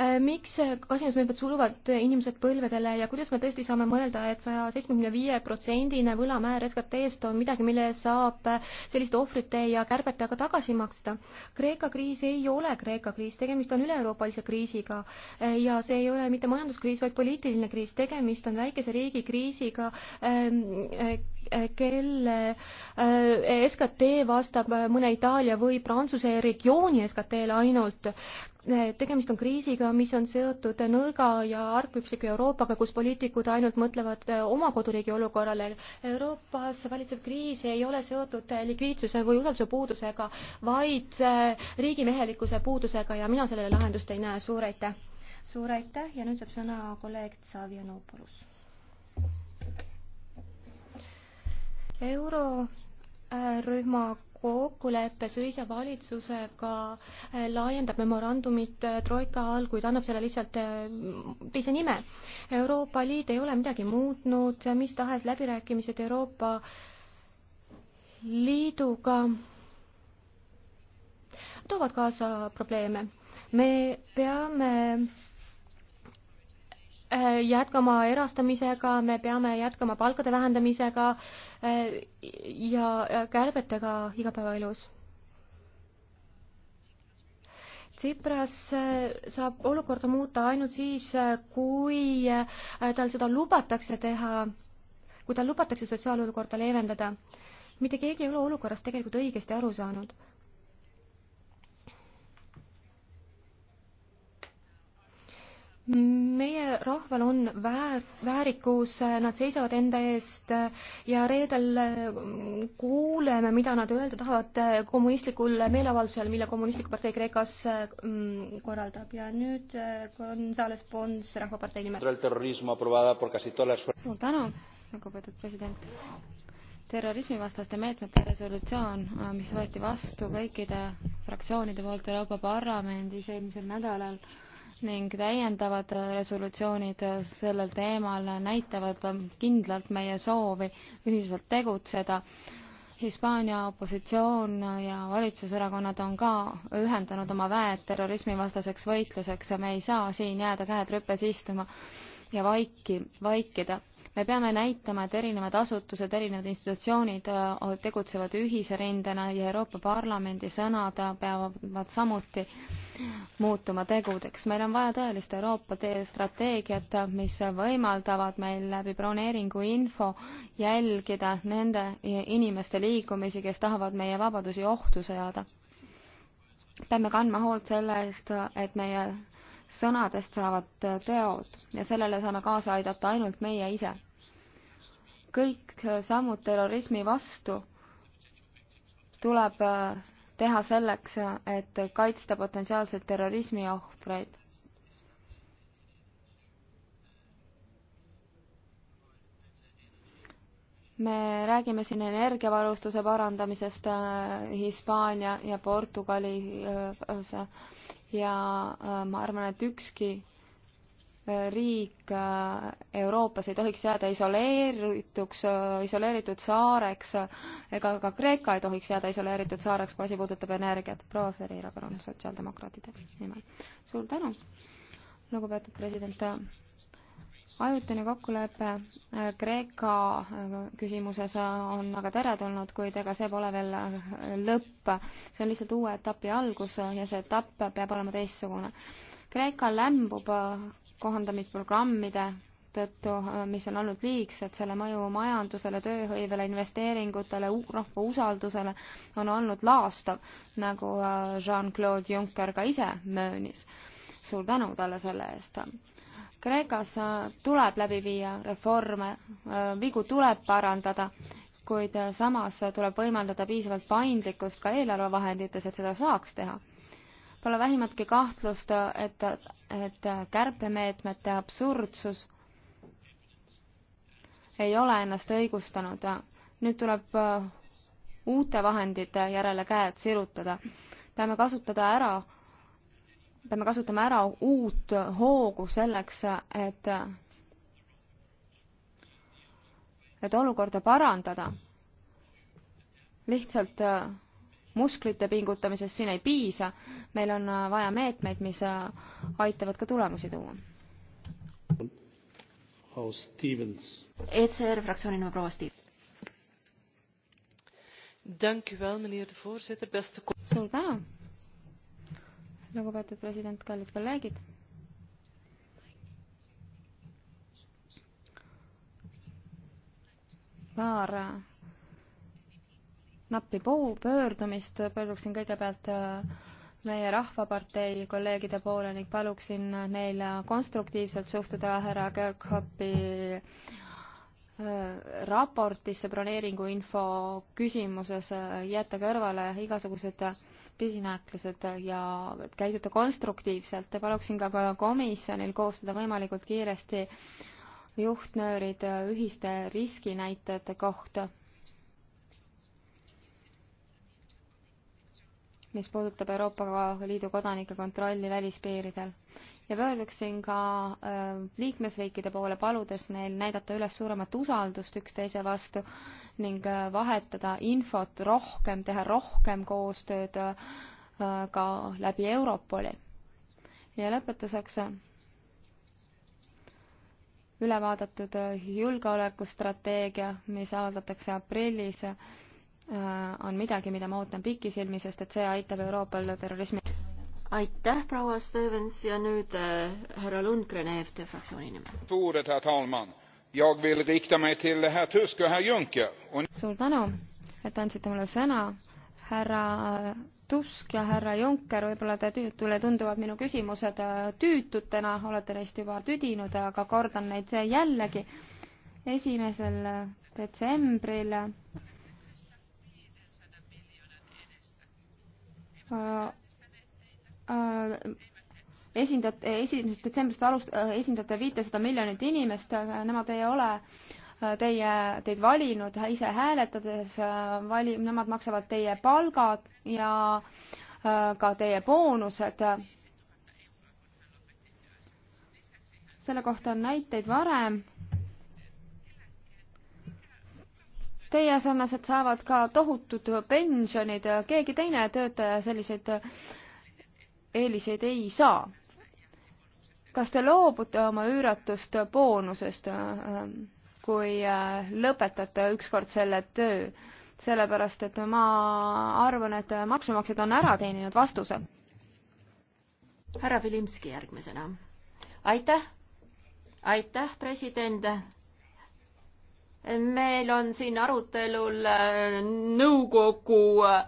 Äh, miks kasinusmeetmed suruvad inimesed põlvedele ja kuidas me tõesti saame mõelda et, et saja seitsmekümne viie protsendine võlamäär SKT-st on midagi, mille saab äh, selliste ohvrite ja kärbetega tagasi maksta. Kreeka kriis ei ole Kreeka kriis, tegemist on üle-euroopalise kriisiga äh, ja see ei ole mitte majanduskriis, vaid poliitiline kriis, tegemist on väikese riigi kriisiga, ähm, kelle SKT vastab mõne Itaalia või Prantsuse regiooni SKT-le ainult tegemist on kriisiga, mis on seotud nõrga ja argpüksliku Euroopaga, kus poliitikud ainult mõtlevad äh, oma koduriigi olukorrale. Euroopas valitsev kriis ei ole seotud äh, likviidsuse või usalduse puudusega, vaid äh, riigimehelikkuse puudusega ja mina sellele lahendust ei näe. suur aitäh! suur aitäh ja nüüd saab sõna kolleeg Tsavianopoulos. eurorühma kokkuleppes Ühise valitsusega äh, laiendab memorandumit äh, Troika all, kuid annab selle lihtsalt äh, teise nime. Euroopa Liit ei ole midagi muutnud, mis tahes läbirääkimised Euroopa Liiduga toovad kaasa probleeme. me peame jätkama erastamisega, me peame jätkama palkade vähendamisega, Äh, ja kärbetega igapäevaelus. Tsipras äh, saab olukorda muuta ainult siis, äh, kui tal seda lubatakse teha, kui tal lubatakse sotsiaalolukorda leevendada. mitte keegi ei ole olukorrast tegelikult õigesti aru saanud meie rahval on väär, väärikus, nad seisavad enda eest ja reedel mm, kuuleme, mida nad öelda tahavad kommunistlikul meeleavaldusel, mille Kommunistlik Partei Kreekas mm, korraldab ja nüüd äh, Gonzales Pons Rahvapartei nimel. suur tänu, lugupeetud president terrorismivastaste meetmete resolutsioon, äh, mis võeti vastu kõikide fraktsioonide poolt Euroopa Parlamendis eelmisel nädalal, ning täiendavad resolutsioonid sellel teemal näitavad kindlalt meie soovi ühiselt tegutseda. Hispaania opositsioon ja valitsuserakonnad on ka ühendanud oma väed terrorismivastaseks võitluseks ja me ei saa siin jääda käed rüpes istuma ja vaiki, vaikida me peame näitama, et erinevad asutused, erinevad institutsioonid äh, tegutsevad ühise rindena ja Euroopa Parlamendi sõnad peavad samuti muutuma tegudeks. meil on vaja tõelist Euroopa tee strateegiat, mis võimaldavad meil läbi broneeringu info jälgida nende inimeste liikumisi, kes tahavad meie vabadusi ohtu seada. peame kandma hoolt selle eest, et meie sõnadest saavad teod ja sellele saame kaasa aidata ainult meie ise. kõik sammud terrorismi vastu tuleb äh, teha selleks, et kaitsta potentsiaalseid terrorismi ohvreid. me räägime siin energiavarustuse parandamisest äh, Hispaania ja Portugali äh, äh ja äh, ma arvan, et ükski äh, riik äh, Euroopas ei tohiks jääda isoleerituks, isoleeritud saareks ega ka Kreeka ei tohiks jääda isoleeritud saareks, kui asi puudutab energiat. proua Ferreira, palun, sotsiaaldemokraatide nimel. suur tänu, lugupeetud president ajutine kokkulepe äh, Kreeka äh, küsimuses äh, on aga teretulnud, kuid ega see pole veel lõpp. see on lihtsalt uue etapi algus ja see etapp peab olema teistsugune. Kreeka lämbub kohandamisprogrammide tõttu, mis on olnud liigsed, selle mõju majandusele, tööhõivele, investeeringutele, rahva usaldusele on olnud laastav, nagu Jean-Claude Juncker ka ise möönis. suur tänu talle selle eest Kreekas äh, tuleb läbi viia reforme, äh, vigu tuleb parandada, kuid äh, samas tuleb võimaldada piisavalt paindlikkust ka eelarvevahendites, et seda saaks teha. Pole vähimatki kahtlust, et, et kärpemeetmete absurdsus ei ole ennast õigustanud. nüüd tuleb uute vahendite järele käed sirutada. peame kasutada ära peame kasutama ära uut hoogu selleks, et, et olukorda parandada. lihtsalt äh, musklite pingutamisest siin ei piisa, meil on äh, vaja meetmeid, mis äh, aitavad ka tulemusi tuua. ECR fraktsiooni nimel proua Stevens. suur tänu lugupeetud president, kallid kolleegid. paar nappi puu pöördumist pöörduksin kõigepealt äh, meie Rahvapartei kolleegide poole ning paluksin neil konstruktiivselt suhtuda härra Kirkhopi äh, raportisse broneeringuinfo küsimuses, äh, jätta kõrvale igasugused pisinäklused ja käiduda konstruktiivselt ja paluksin ka komisjonil koostada võimalikult kiiresti juhtnöörid ühiste riskinäitajate kohta, mis puudutab Euroopa Liidu kodanike kontrolli välispiiridel ja pöörduksin ka äh, liikmesriikide poole, paludes neil näidata üles suuremat usaldust üksteise vastu ning äh, vahetada infot rohkem, teha rohkem koostööd äh, ka läbi Europoli. ja lõpetuseks üle vaadatud julgeolekustrateegia, mis avaldatakse aprillis, on midagi, mida ma ootan pikisilmi, sest et see aitab Euroopal terrorismi aitäh, proua Stevens ja nüüd äh, härra Lundgren EFT fraktsiooni nimel. suur tänu, et andsite mulle sõna, härra Tusk ja härra Juncker, võib-olla te tüütule tunduvad minu küsimused äh, tüütutena, olete neist juba tüdinud, aga kordan neid jällegi. esimesel detsembril äh, Äh, esindab, eh, esimesest detsembrist alust-, äh, esindate viitesada miljonit inimest, nemad ei ole äh, teie, teid valinud ise hääletades, vali-, nemad maksavad teie palgad ja ka teie boonused. selle kohta on näiteid varem. Teie sarnased saavad ka tohutud pensionid, keegi teine töötaja selliseid eeliseid ei saa. kas te loobute oma üüratust boonusest, äh, kui äh, lõpetate ükskord selle töö? sellepärast, et ma arvan, et maksumaksjad on ära teeninud vastuse. härra Vilimski järgmisena. aitäh, aitäh, president meil on siin arutelul äh, nõukogu äh,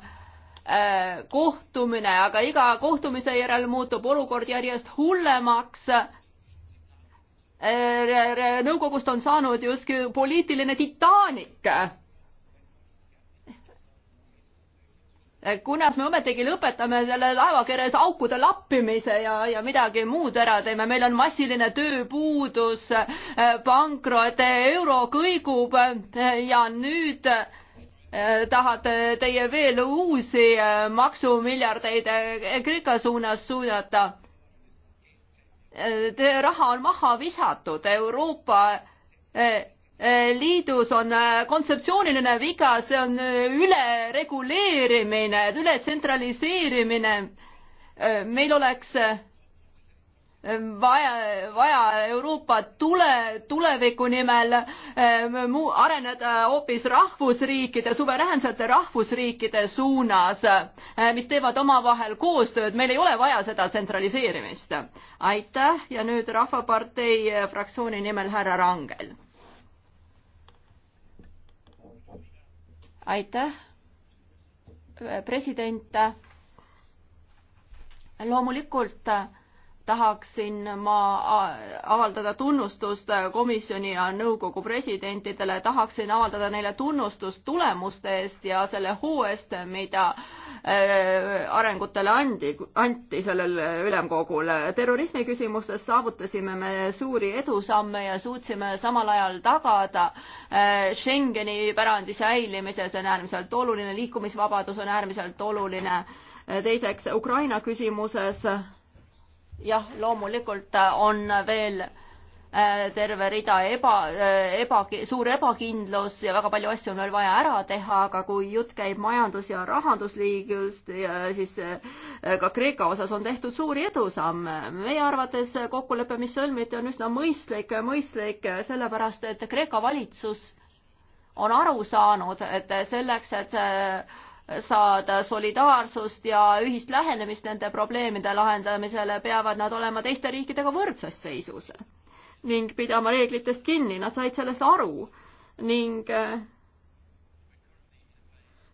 Äh, kohtumine, aga iga kohtumise järel muutub olukord järjest hullemaks. Äh, nõukogust on saanud justkui poliitiline Titanic. Äh, kunas me ometigi lõpetame selle laevakeres aukude lappimise ja, ja midagi muud ära teeme, meil on massiline tööpuudus, pankrot, euro kõigub ja nüüd äh, Eh, tahate eh, teie veel uusi eh, maksumiljardeid Kreeka suunas suunata. raha on maha visatud, Euroopa Liidus on kontseptsiooniline viga, see on ülereguleerimine, ületsentraliseerimine. meil oleks vaja, vaja Euroopa tule, tuleviku nimel ähm, mu, areneda hoopis rahvusriikide, suveräänsete rahvusriikide suunas, äh, mis teevad omavahel koostööd, meil ei ole vaja seda tsentraliseerimist. aitäh ja nüüd Rahvapartei fraktsiooni nimel härra Rangel. aitäh, president. loomulikult äh, tahaksin ma avaldada tunnustust komisjoni ja nõukogu presidentidele, tahaksin avaldada neile tunnustust tulemuste eest ja selle hoo eest, mida äh, arengutele andi, anti sellel ülemkogul. terrorismi küsimustes saavutasime me suuri edusamme ja suutsime samal ajal tagada äh, Schengeni pärandi säilimise, see on äärmiselt oluline, liikumisvabadus on äärmiselt oluline. teiseks Ukraina küsimuses jah, loomulikult äh, on veel äh, terve rida eba, äh, eba, suur ebakindlus ja väga palju asju on veel vaja ära teha, aga kui jutt käib majandus- ja rahandusliigust, siis ka Kreeka osas on tehtud suuri edusamme. meie arvates kokkulepe, mis sõlmiti, on üsna mõistlik, mõistlik sellepärast, et Kreeka valitsus on aru saanud, et selleks, et saada solidaarsust ja ühist lähenemist nende probleemide lahendamisele, peavad nad olema teiste riikidega võrdses seisus ning pidama reeglitest kinni, nad said sellest aru ning äh,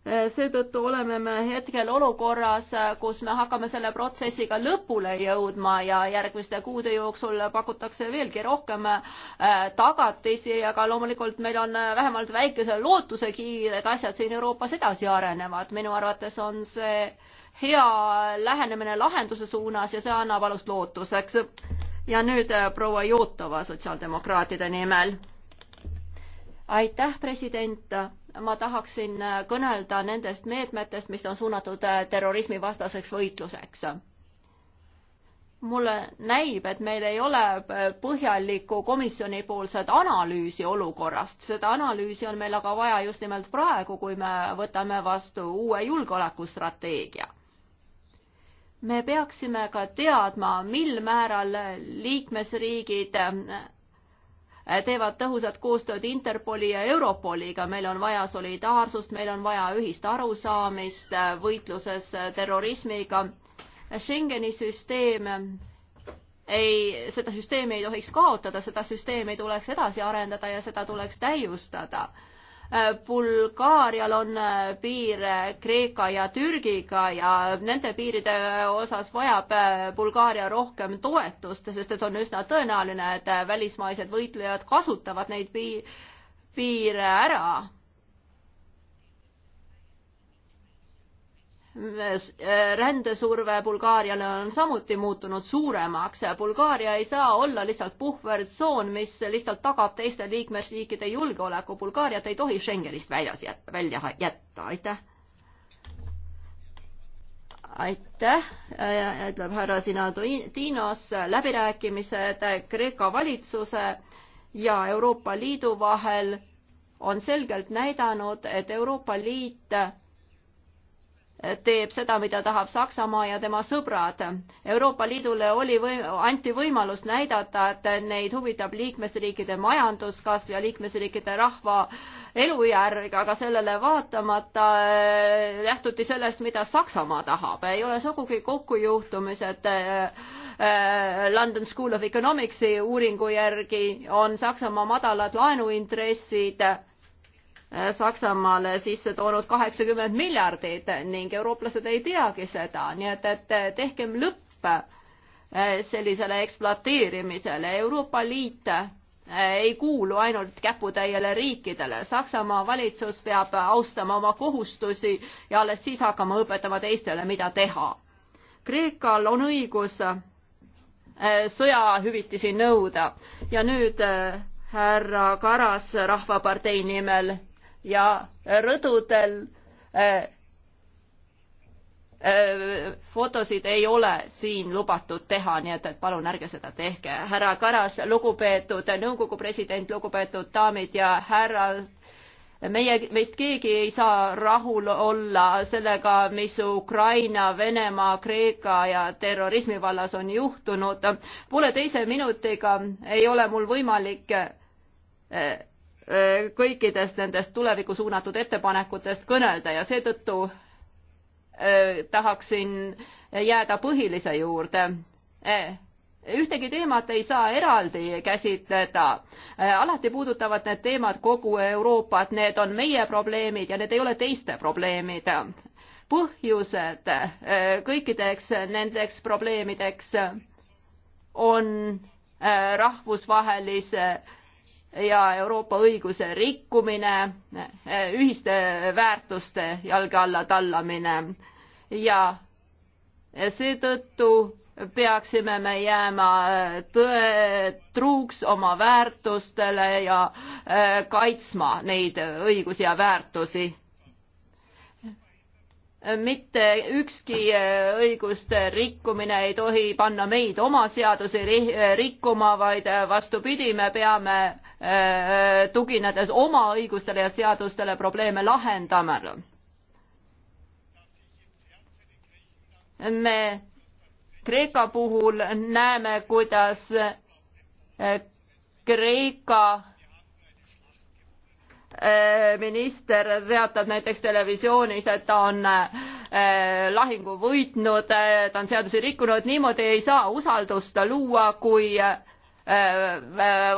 seetõttu oleme me hetkel olukorras, kus me hakkame selle protsessiga lõpule jõudma ja järgmiste kuude jooksul pakutakse veelgi rohkem äh, tagatisi, aga loomulikult meil on äh, vähemalt väikese lootusekiir, et asjad siin Euroopas edasi arenevad. minu arvates on see hea lähenemine lahenduse suunas ja see annab alust lootuseks. ja nüüd äh, proua Jutova sotsiaaldemokraatide nimel. aitäh, president ma tahaksin äh, kõnelda nendest meetmetest, mis on suunatud äh, terrorismivastaseks võitluseks. mulle näib, et meil ei ole äh, põhjalikku komisjonipoolset analüüsi olukorrast, seda analüüsi on meil aga vaja just nimelt praegu, kui me võtame vastu uue julgeolekustrateegia me peaksime ka teadma, mil määral liikmesriigid Äh, teevad tõhusat koostööd Interpoli ja Europoliga, meil on vaja solidaarsust, meil on vaja ühist arusaamist äh, võitluses äh, terrorismiga. Schengeni süsteem ei, seda süsteemi ei tohiks kaotada, seda süsteemi tuleks edasi arendada ja seda tuleks täiustada Äh, Bulgaarial on äh, piir äh, Kreeka ja Türgiga ja nende piiride osas vajab Bulgaaria rohkem toetust, sest et on üsna tõenäoline, et välismaised võitlejad kasutavad neid piire ära rändesurve Bulgaariale on samuti muutunud suuremaks. Bulgaaria ei saa olla lihtsalt puhvertsoon, mis lihtsalt tagab teiste liikmesriikide julgeoleku. Bulgaariat ei tohi Schengenist väljas jätta, välja jätta, aitäh. aitäh, ütleb härra Sinadinos, läbirääkimised Kreeka valitsuse ja Euroopa Liidu vahel on selgelt näidanud, et Euroopa Liit teeb seda, mida tahab Saksamaa ja tema sõbrad. Euroopa Liidule oli või, anti võimalus näidata, et neid huvitab liikmesriikide majanduskasv ja liikmesriikide rahva elujärg, aga sellele vaatamata äh, lähtuti sellest, mida Saksamaa tahab. ei ole sugugi kokkujuhtumised. Äh, äh, London School of Economicsi uuringu järgi on Saksamaa madalad laenuintressid Saksamaale sisse toonud kaheksakümmend miljardit ning eurooplased ei teagi seda, nii et, et tehkem lõpp eh, sellisele ekspluateerimisele. Euroopa Liit eh, ei kuulu ainult käputäiele riikidele. Saksamaa valitsus peab austama oma kohustusi ja alles siis hakkama õpetama teistele, mida teha. Kreekal on õigus eh, sõjahüvitisi nõuda ja nüüd härra Karas Rahvapartei nimel ja rõdudel äh, äh, fotosid ei ole siin lubatud teha, nii et, et palun ärge seda tehke. härra Karas, lugupeetud nõukogu president, lugupeetud daamid ja härrad, meie, meist keegi ei saa rahul olla sellega, mis Ukraina, Venemaa, Kreeka ja terrorismi vallas on juhtunud. pooleteise minutiga ei ole mul võimalik äh, Äh, kõikidest nendest tulevikku suunatud ettepanekutest kõnelda ja seetõttu äh, tahaksin jääda põhilise juurde. Äh, ühtegi teemat ei saa eraldi käsitleda. alati puudutavad need teemad kogu Euroopat, need on meie probleemid ja need ei ole teiste probleemid. põhjused kõikideks nendeks probleemideks on rahvusvahelise ja Euroopa õiguse rikkumine, ühiste väärtuste jalge alla tallamine ja seetõttu peaksime me jääma äh, tõe, truuks oma väärtustele ja äh, kaitsma neid õigusi ja väärtusi mitte ükski äh, õiguste rikkumine ei tohi panna meid oma seadusi äh, rikkuma, vaid äh, vastupidi, me peame tuginedes oma õigustele ja seadustele probleeme lahendama. me Kreeka puhul näeme, kuidas Kreeka Eh, minister teatab näiteks televisioonis, et ta on eh, lahingu võitnud, eh, ta on seadusi rikkunud, niimoodi ei saa usaldust luua, kui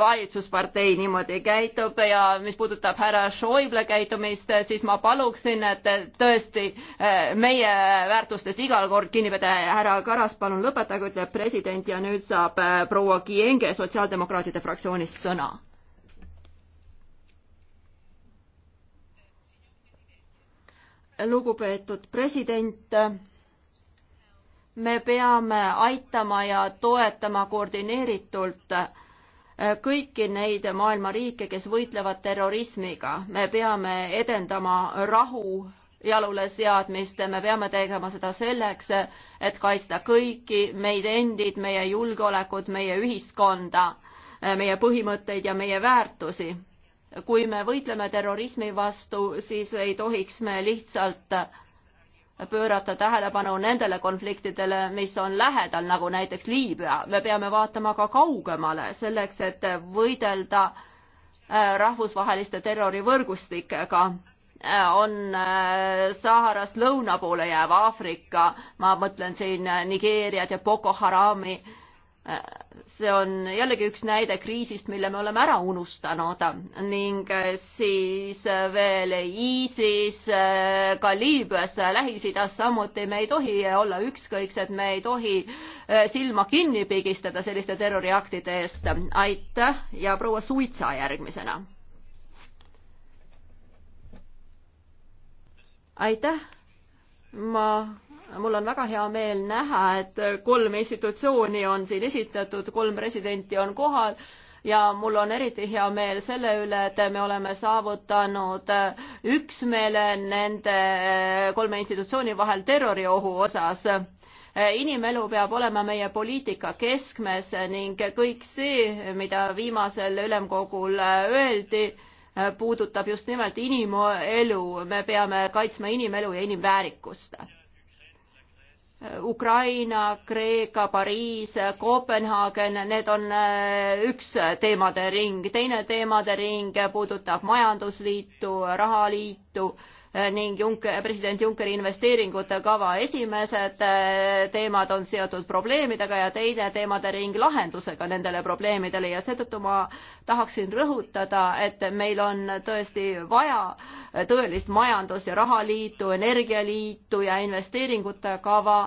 valitsuspartei niimoodi käitub ja mis puudutab härra Schäuble käitumist, siis ma paluksin, et tõesti meie väärtustest igal kord kinni pidada. härra Karas, palun lõpetage, ütleb president ja nüüd saab proua Kienge sotsiaaldemokraatide fraktsioonist sõna lugupeetud president, me peame aitama ja toetama koordineeritult kõiki neid maailma riike, kes võitlevad terrorismiga. me peame edendama rahu jaluleseadmist, me peame tegema seda selleks, et kaitsta kõiki meid endid, meie julgeolekut, meie ühiskonda, meie põhimõtteid ja meie väärtusi kui me võitleme terrorismi vastu, siis ei tohiks me lihtsalt pöörata tähelepanu nendele konfliktidele, mis on lähedal, nagu näiteks Liibüa. me peame vaatama ka kaugemale, selleks et võidelda äh, rahvusvaheliste terrorivõrgustikega äh, on äh, Saharast lõuna poole jääv Aafrika, ma mõtlen siin Nigeeriat ja Boko Harami see on jällegi üks näide kriisist, mille me oleme ära unustanud ning siis veel ISIS ka Liibüas, Lähis-Idas samuti, me ei tohi olla ükskõiksed, me ei tohi eh, silma kinni pigistada selliste terroriaktide eest. aitäh ja proua Suitsa järgmisena. aitäh, ma mul on väga hea meel näha, et kolm institutsiooni on siin esitatud, kolm presidenti on kohal ja mul on eriti hea meel selle üle, et me oleme saavutanud üksmeele nende kolme institutsiooni vahel terroriohu osas. inimelu peab olema meie poliitika keskmes ning kõik see, mida viimasel ülemkogul öeldi, puudutab just nimelt inimelu, me peame kaitsma inimelu ja inimväärikust Ukraina, Kreeka, Pariis, Kopenhaagen, need on äh, üks teemade ring, teine teemade ring puudutab majandusliitu, rahaliitu Eh, ning Juncker, president Junckeri investeeringute kava. esimesed eh, teemad on seotud probleemidega ja teine teemade ring lahendusega nendele probleemidele ja seetõttu ma tahaksin rõhutada, et meil on tõesti vaja eh, tõelist majandus- ja rahaliitu, energialiitu ja investeeringute kava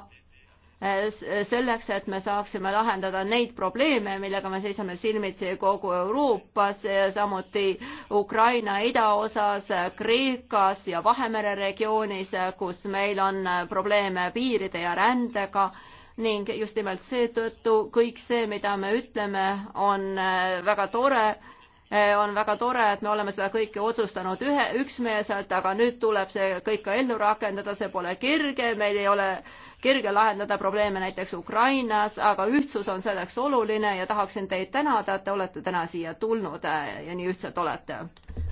Eh, eh, selleks, et me saaksime lahendada neid probleeme, millega me seisame silmitsi kogu Euroopas, samuti Ukraina idaosas, Kreekas ja Vahemere regioonis, kus meil on eh, probleeme piiride ja rändega ning just nimelt seetõttu kõik see, mida me ütleme, on väga tore on väga tore, et me oleme seda kõike otsustanud ühe, üksmeelselt, aga nüüd tuleb see kõik ka ellu rakendada, see pole kerge, meil ei ole kerge lahendada probleeme näiteks Ukrainas, aga ühtsus on selleks oluline ja tahaksin teid tänada, et te olete täna siia tulnud äh, ja nii ühtsed olete.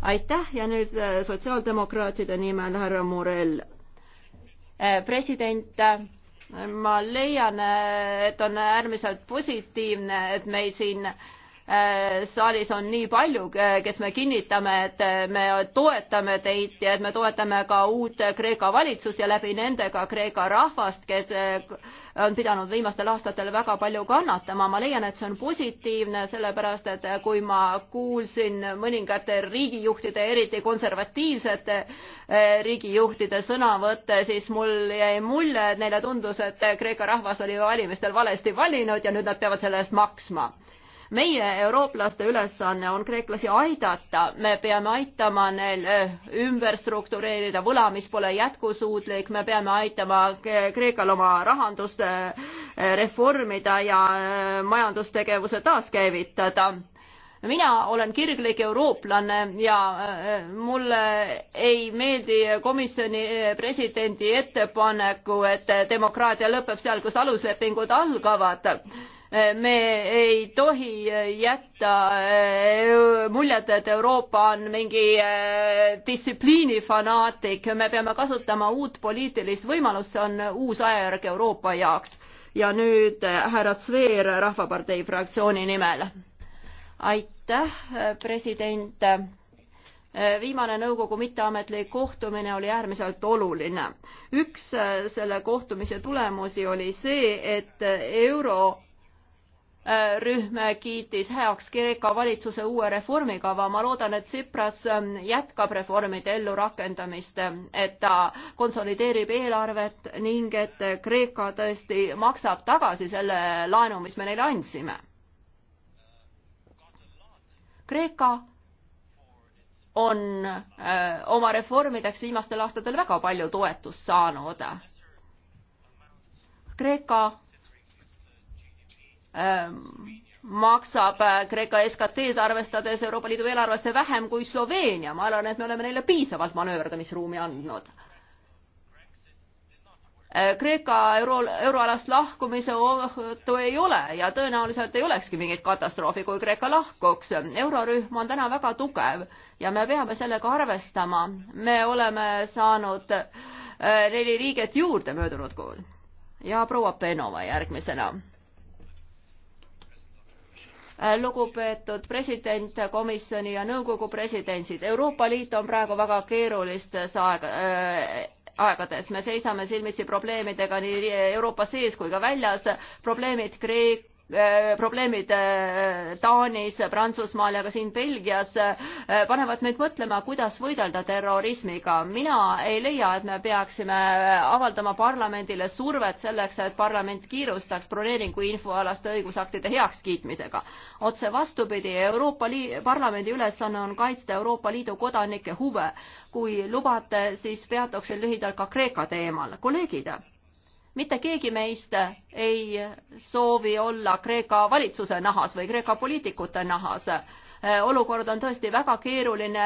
aitäh ja nüüd äh, sotsiaaldemokraatide nimel härra Murel. Äh, president ma leian, et on äärmiselt positiivne, et meil siin äh, Äh, saalis on nii palju, äh, kes me kinnitame, et äh, me toetame teid ja et me toetame ka uut Kreeka valitsust ja läbi nende ka Kreeka rahvast, kes on pidanud viimastel aastatel väga palju kannatama. ma leian, et see on positiivne, sellepärast et kui ma kuulsin mõningate riigijuhtide, eriti konservatiivsete riigijuhtide sõnavõtte, siis mul jäi mulje, et neile tundus, et Kreeka rahvas oli valimistel valesti valinud ja nüüd nad peavad selle eest maksma meie, eurooplaste ülesanne on kreeklasi aidata, me peame aitama neil eh, ümber struktureerida võla, mis pole jätkusuutlik, me peame aitama Kreekal oma rahandust eh, reformida ja eh, majandustegevuse taaskäivitada mina olen kirglik eurooplane ja mulle ei meeldi komisjoni presidendi ettepaneku, et demokraatia lõpeb seal, kus aluslepingud algavad me ei tohi jätta eh, muljet, et Euroopa on mingi eh, distsipliinifanaatik, me peame kasutama uut poliitilist võimalust, see on uus ajajärg Euroopa jaoks. ja nüüd eh, härra Sveer Rahvapartei fraktsiooni nimel. aitäh, president. viimane nõukogu mitteametlik kohtumine oli äärmiselt oluline. üks selle kohtumise tulemusi oli see, et euro rühm kiitis heaks Kreeka valitsuse uue reformikava. ma loodan, et Tsipras ähm, jätkab reformide ellurakendamist, et ta konsolideerib eelarvet ning et Kreeka tõesti maksab tagasi selle laenu, mis me neile andsime. Kreeka on äh, oma reformideks viimastel aastatel väga palju toetust saanud. Kreeka Ähm, maksab äh, Kreeka SKT-s arvestades Euroopa Liidu eelarvesse vähem kui Sloveenia. ma arvan, et me oleme neile piisavalt manööverdamisruumi andnud. Äh, Kreeka euro, euroalast lahkumise ohtu ei ole ja tõenäoliselt ei olekski mingit katastroofi, kui Kreeka lahkuks. eurorühm on täna väga tugev ja me peame sellega arvestama. me oleme saanud äh, neli liiget juurde möödunud kuul. ja proua Penova järgmisena Äh, lugupeetud president, komisjoni ja nõukogu presidendid, Euroopa Liit on praegu väga keerulistes aeg-, äh, aegades, me seisame silmitsi probleemidega nii Euroopa sees kui ka väljas, probleemid Kreek-, Äh, probleemid äh, Taanis, Prantsusmaal ja ka siin Belgias äh, panevad meid mõtlema, kuidas võidelda terrorismiga. mina ei leia, et me peaksime avaldama parlamendile survet selleks, et parlament kiirustaks broneeringu infoalaste õigusaktide heakskiitmisega. otse vastupidi, Euroopa Liidu Parlamendi ülesanne on kaitsta Euroopa Liidu kodanike huve. kui lubate, siis peatuksin lühidalt ka Kreeka teemal. kolleegid mitte keegi meist ei soovi olla Kreeka valitsuse nahas või Kreeka poliitikute nahas. olukord on tõesti väga keeruline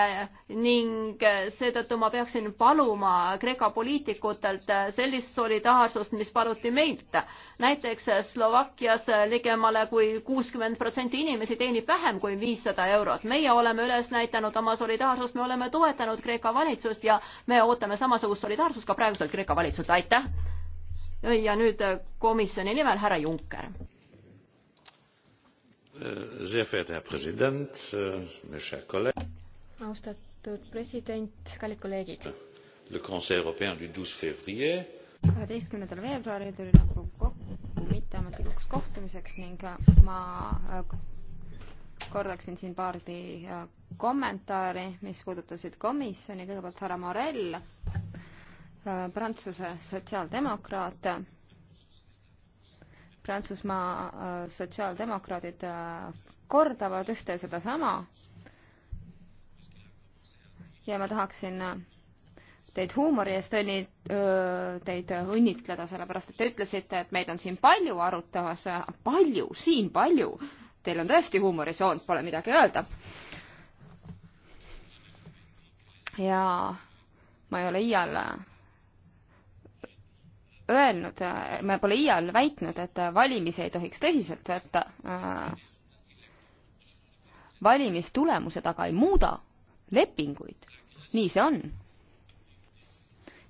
ning seetõttu ma peaksin paluma Kreeka poliitikutelt sellist solidaarsust, mis paluti meilt. näiteks Slovakkias ligemale kui kuuskümmend protsenti inimesi teenib vähem kui viissada eurot. meie oleme üles näidanud oma solidaarsust, me oleme toetanud Kreeka valitsust ja me ootame samasugust solidaarsust ka praeguselt Kreeka valitsuselt, aitäh! ja nüüd äh, komisjoni nimel härra Juncker. Äh, äh, austatud president, kallid kolleegid. kaheteistkümnendal veebruaril tuli nagu kokku mitteametlikuks kohtumiseks ning ma kordaksin siin paari kommentaari, mis puudutasid komisjoni, kõigepealt härra Morell Prantsuse sotsiaaldemokraat. Prantsusmaa äh, sotsiaaldemokraadid äh, kordavad ühte ja sedasama. ja ma tahaksin äh, teid huumori eest õnni-, teid õnnitleda, sellepärast et te ütlesite, et meid on siin palju arutamas, palju, siin palju. Teil on tõesti huumorisoont, pole midagi öelda. ja ma ei ole iial öelnud, ma pole iial väitnud, et valimisi ei tohiks tõsiselt võtta. valimistulemuse taga ei muuda lepinguid, nii see on.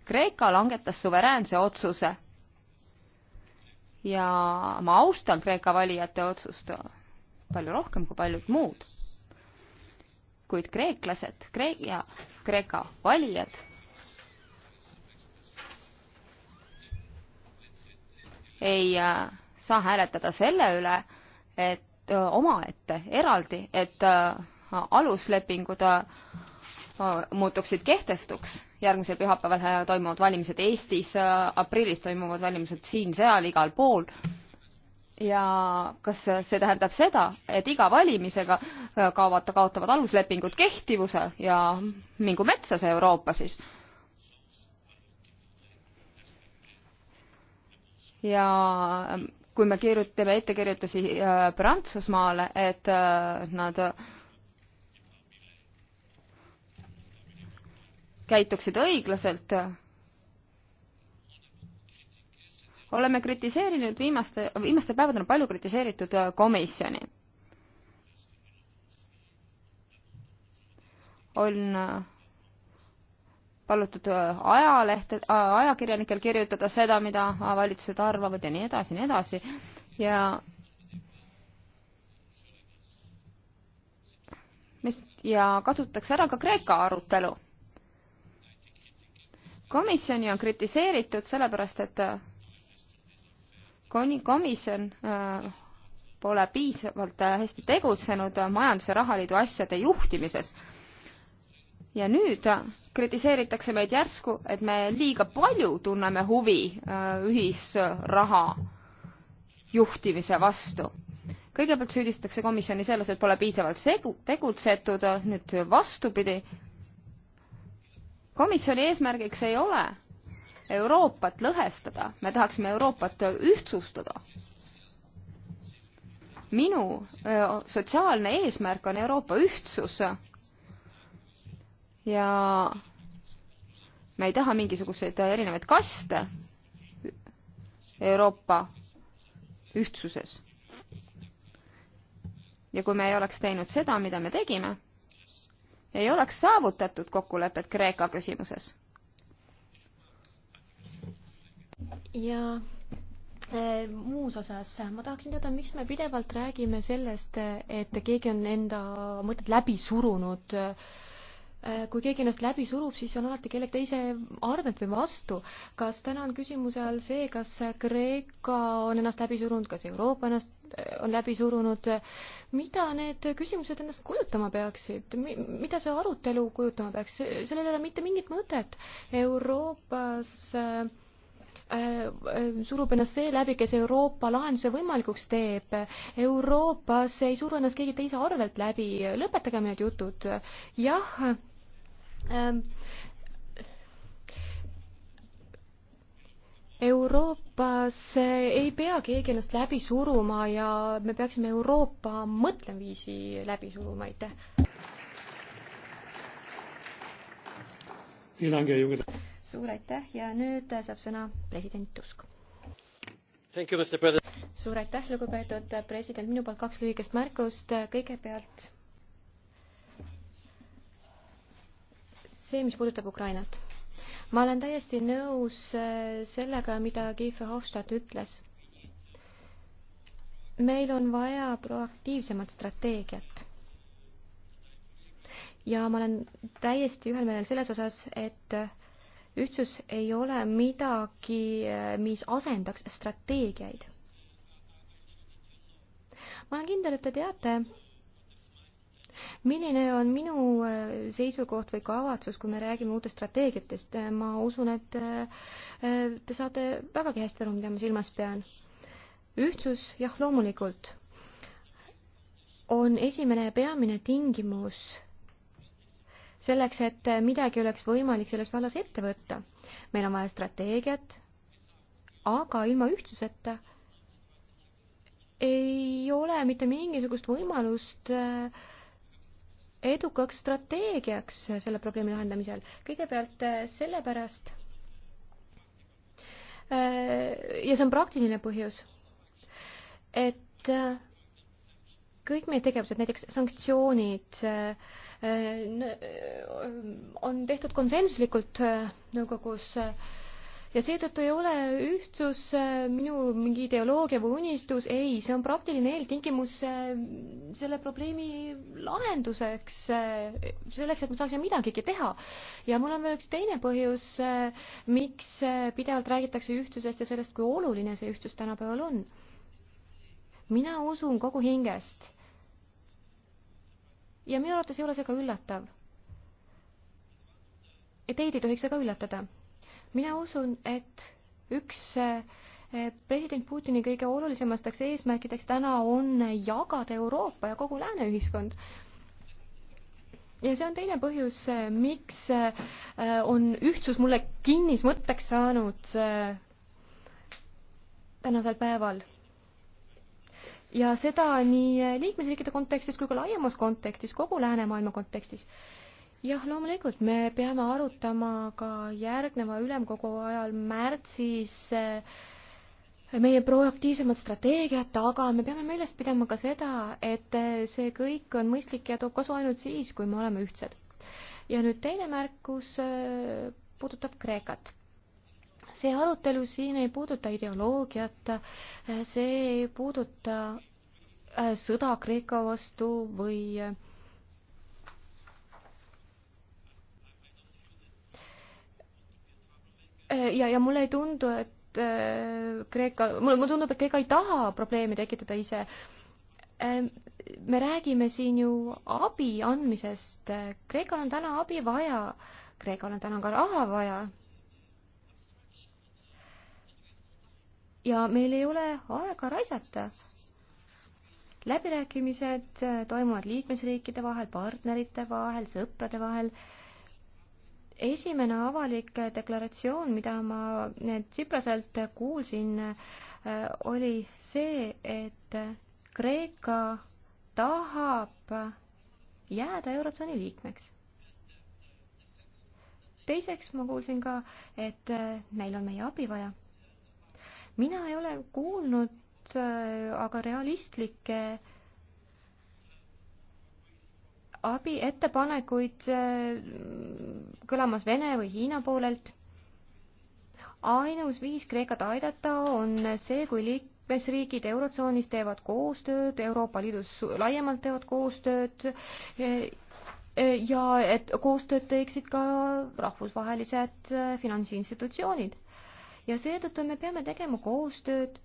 Kreeka langetas suveräänse otsuse ja ma austan Kreeka valijate otsust palju rohkem kui paljud muud. kuid kreeklased, Kreek- ja Kreeka valijad ei äh, saa hääletada selle üle, et äh, omaette, eraldi, et äh, aluslepingud muutuksid kehtestuks. järgmisel pühapäeval toimuvad valimised Eestis, aprillis toimuvad valimised siin-seal, igal pool. ja kas see tähendab seda, et iga valimisega kaovad, kaotavad aluslepingud kehtivuse ja mingu metsa see Euroopa siis ja ähm, kui me kirjutame ettekirjutusi äh, Prantsusmaale, et äh, nad käituksid õiglaselt, oleme kritiseerinud viimaste, viimastel päevadel on palju kritiseeritud äh, komisjoni. on palutud äh, ajalehte, äh, ajakirjanikel kirjutada seda, mida äh, valitsused arvavad ja nii edasi ja nii edasi ja mis ja kasutatakse ära ka Kreeka arutelu. komisjoni on kritiseeritud sellepärast, et komisjon pole piisavalt hästi tegutsenud majandus- ja rahaliidu asjade juhtimises ja nüüd kritiseeritakse meid järsku, et me liiga palju tunneme huvi äh, ühisraha juhtimise vastu. kõigepealt süüdistatakse komisjoni selles, et pole piisavalt segu-, tegutsetud, nüüd vastupidi. komisjoni eesmärgiks ei ole Euroopat lõhestada, me tahaksime Euroopat ühtsustada. minu äh, sotsiaalne eesmärk on Euroopa ühtsus ja me ei taha mingisuguseid erinevaid kaste Euroopa ühtsuses. ja kui me ei oleks teinud seda, mida me tegime, ei oleks saavutatud kokkulepet Kreeka küsimuses. ja eh, muus osas ma tahaksin teada, miks me pidevalt räägime sellest, eh, et keegi on enda mõtted läbi surunud äh, Äh, kui keegi ennast läbi surub, siis on alati kellegi teise arvelt või vastu. kas täna on küsimuse all see, kas Kreeka on ennast läbi surunud, kas Euroopa ennast äh, on läbi surunud, mida need küsimused endast kujutama peaksid, mida see arutelu kujutama peaks, sellel ei ole mitte mingit mõtet. Euroopas äh, äh, surub ennast see läbi, kes Euroopa lahenduse võimalikuks teeb. Euroopas ei suru ennast keegi teise arvelt läbi, lõpetagem need jutud. jah Ähm, Euroopas äh, ei pea keegi ennast läbi suruma ja me peaksime Euroopa mõtleviisi läbi suruma, aitäh. suur aitäh ja nüüd saab sõna president Tusk. suur aitäh, lugupeetud president, minu poolt kaks lühikest märkust, kõigepealt see, mis puudutab Ukrainat. ma olen täiesti nõus äh, sellega, mida Kiefer Hofstadt ütles. meil on vaja proaktiivsemat strateegiat. ja ma olen täiesti ühel meelel selles osas, et ühtsus ei ole midagi, äh, mis asendaks strateegiaid. ma olen kindel, et te teate, milline on minu äh, seisukoht või kavatsus, kui me räägime uutest strateegiatest, äh, ma usun, et äh, te saate vägagi hästi aru, mida ma silmas pean. ühtsus, jah, loomulikult, on esimene ja peamine tingimus selleks, et midagi oleks võimalik selles vallas ette võtta. meil on vaja strateegiat, aga ilma ühtsuseta ei ole mitte mingisugust võimalust äh, edukaks strateegiaks selle probleemi lahendamisel? kõigepealt äh, sellepärast, äh, ja see on praktiline põhjus, et äh, kõik meie tegevused, näiteks sanktsioonid, on tehtud konsensuslikult nõukogus no, ja seetõttu ei ole ühtsus äh, minu mingi ideoloogia või unistus, ei, see on praktiline eeltingimus äh, selle probleemi lahenduseks, äh, selleks, et me saaksime midagigi teha. ja mul on veel üks teine põhjus, miks pidevalt räägitakse ühtsusest ja sellest, kui oluline see ühtsus tänapäeval on. mina usun kogu hingest ja minu arvates ei ole see ka üllatav. Teid ei tohiks see ka üllatada mina usun, et üks eh, president Putini kõige olulisemateks eesmärkideks täna on jagada Euroopa ja kogu lääne ühiskond ja see on teine põhjus, eh, miks eh, on ühtsus mulle kinnismõtteks saanud tänasel päeval. ja seda nii liikmesriikide kontekstis kui ka laiemas kontekstis, kogu läänemaailma kontekstis jah, loomulikult me peame arutama ka järgneva ülemkogu ajal märtsis eh, meie proaktiivsemat strateegiat, aga me peame meeles pidama ka seda, et eh, see kõik on mõistlik ja toob kasu ainult siis, kui me oleme ühtsed. ja nüüd teine märkus eh, puudutab Kreekat see arutelu siin ei puuduta ideoloogiat, see ei puuduta sõda Kreeka vastu või Äh, ja, ja mulle ei tundu, et äh, Kreeka, mulle, mulle tundub, et Kreeka ei taha probleemi tekitada ise. Ähm, me räägime siin ju abi andmisest. Kreekal on täna abi vaja. Kreekal on täna ka raha vaja. ja meil ei ole aega raisata. läbirääkimised äh, toimuvad liikmesriikide vahel, partnerite vahel, sõprade vahel äh, esimene avalik deklaratsioon, mida ma Tsipraselt kuulsin, äh, oli see, et Kreeka tahab jääda Eurotsooni liikmeks. teiseks ma kuulsin ka, et äh, neil on meie abi vaja. mina ei ole kuulnud äh, aga realistlikke äh, abiettepanekuid äh, kõlamas Vene või Hiina poolelt. ainus viis Kreekat aidata on see, kui liikmesriigid Eurotsoonis teevad koostööd, Euroopa Liidus laiemalt teevad koostööd äh, äh, ja et koostööd teeksid ka rahvusvahelised finantsinstitutsioonid. ja seetõttu me peame tegema koostööd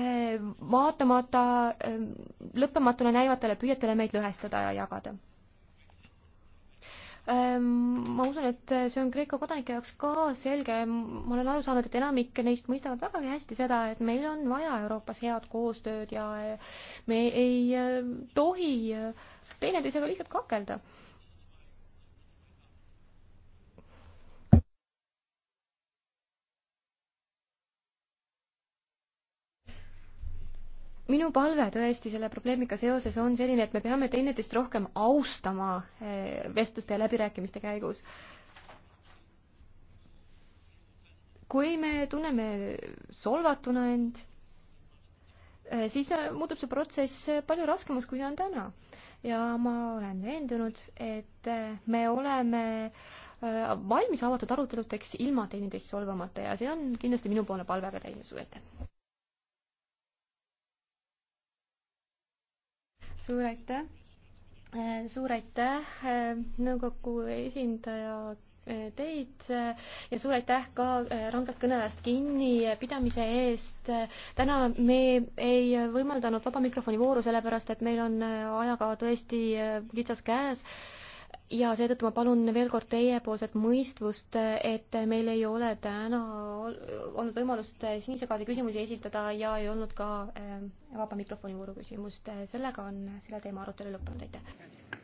Äh, vaatamata äh, lõppematuna näivatele püüetele meid lõhestada ja jagada. Ähm, ma usun, et see on Kreeka kodanike jaoks ka selge, ma olen aru saanud, et enamik neist mõistavad vägagi hästi seda, et meil on vaja Euroopas head koostööd ja me ei äh, tohi teineteisega lihtsalt kakelda minu palve tõesti selle probleemiga seoses on selline, et me peame teineteist rohkem austama eh, vestluste ja läbirääkimiste käigus. kui me tunneme solvatuna end, eh, siis eh, muutub see protsess palju raskemaks, kui on täna. ja ma olen veendunud, et me oleme valmis avatud aruteludeks ilma teineteist solvamata ja see on kindlasti minu poole palve ka teile, suur aitäh! suur aitäh, äh, suur aitäh äh, nõukogu esindaja äh, teid ja suur aitäh ka rangelt kõneajast kinnipidamise eest. täna me ei võimaldanud vaba mikrofoni vooru, sellepärast et meil on ajaga tõesti kitsas käes ja seetõttu ma palun veel kord teiepoolset mõistvust, et meil ei ole täna olnud võimalust sinise kaardi küsimusi esitada ja ei olnud ka eh, vaba mikrofoni vooru küsimust. sellega on selle teema arutelu lõppenud, aitäh.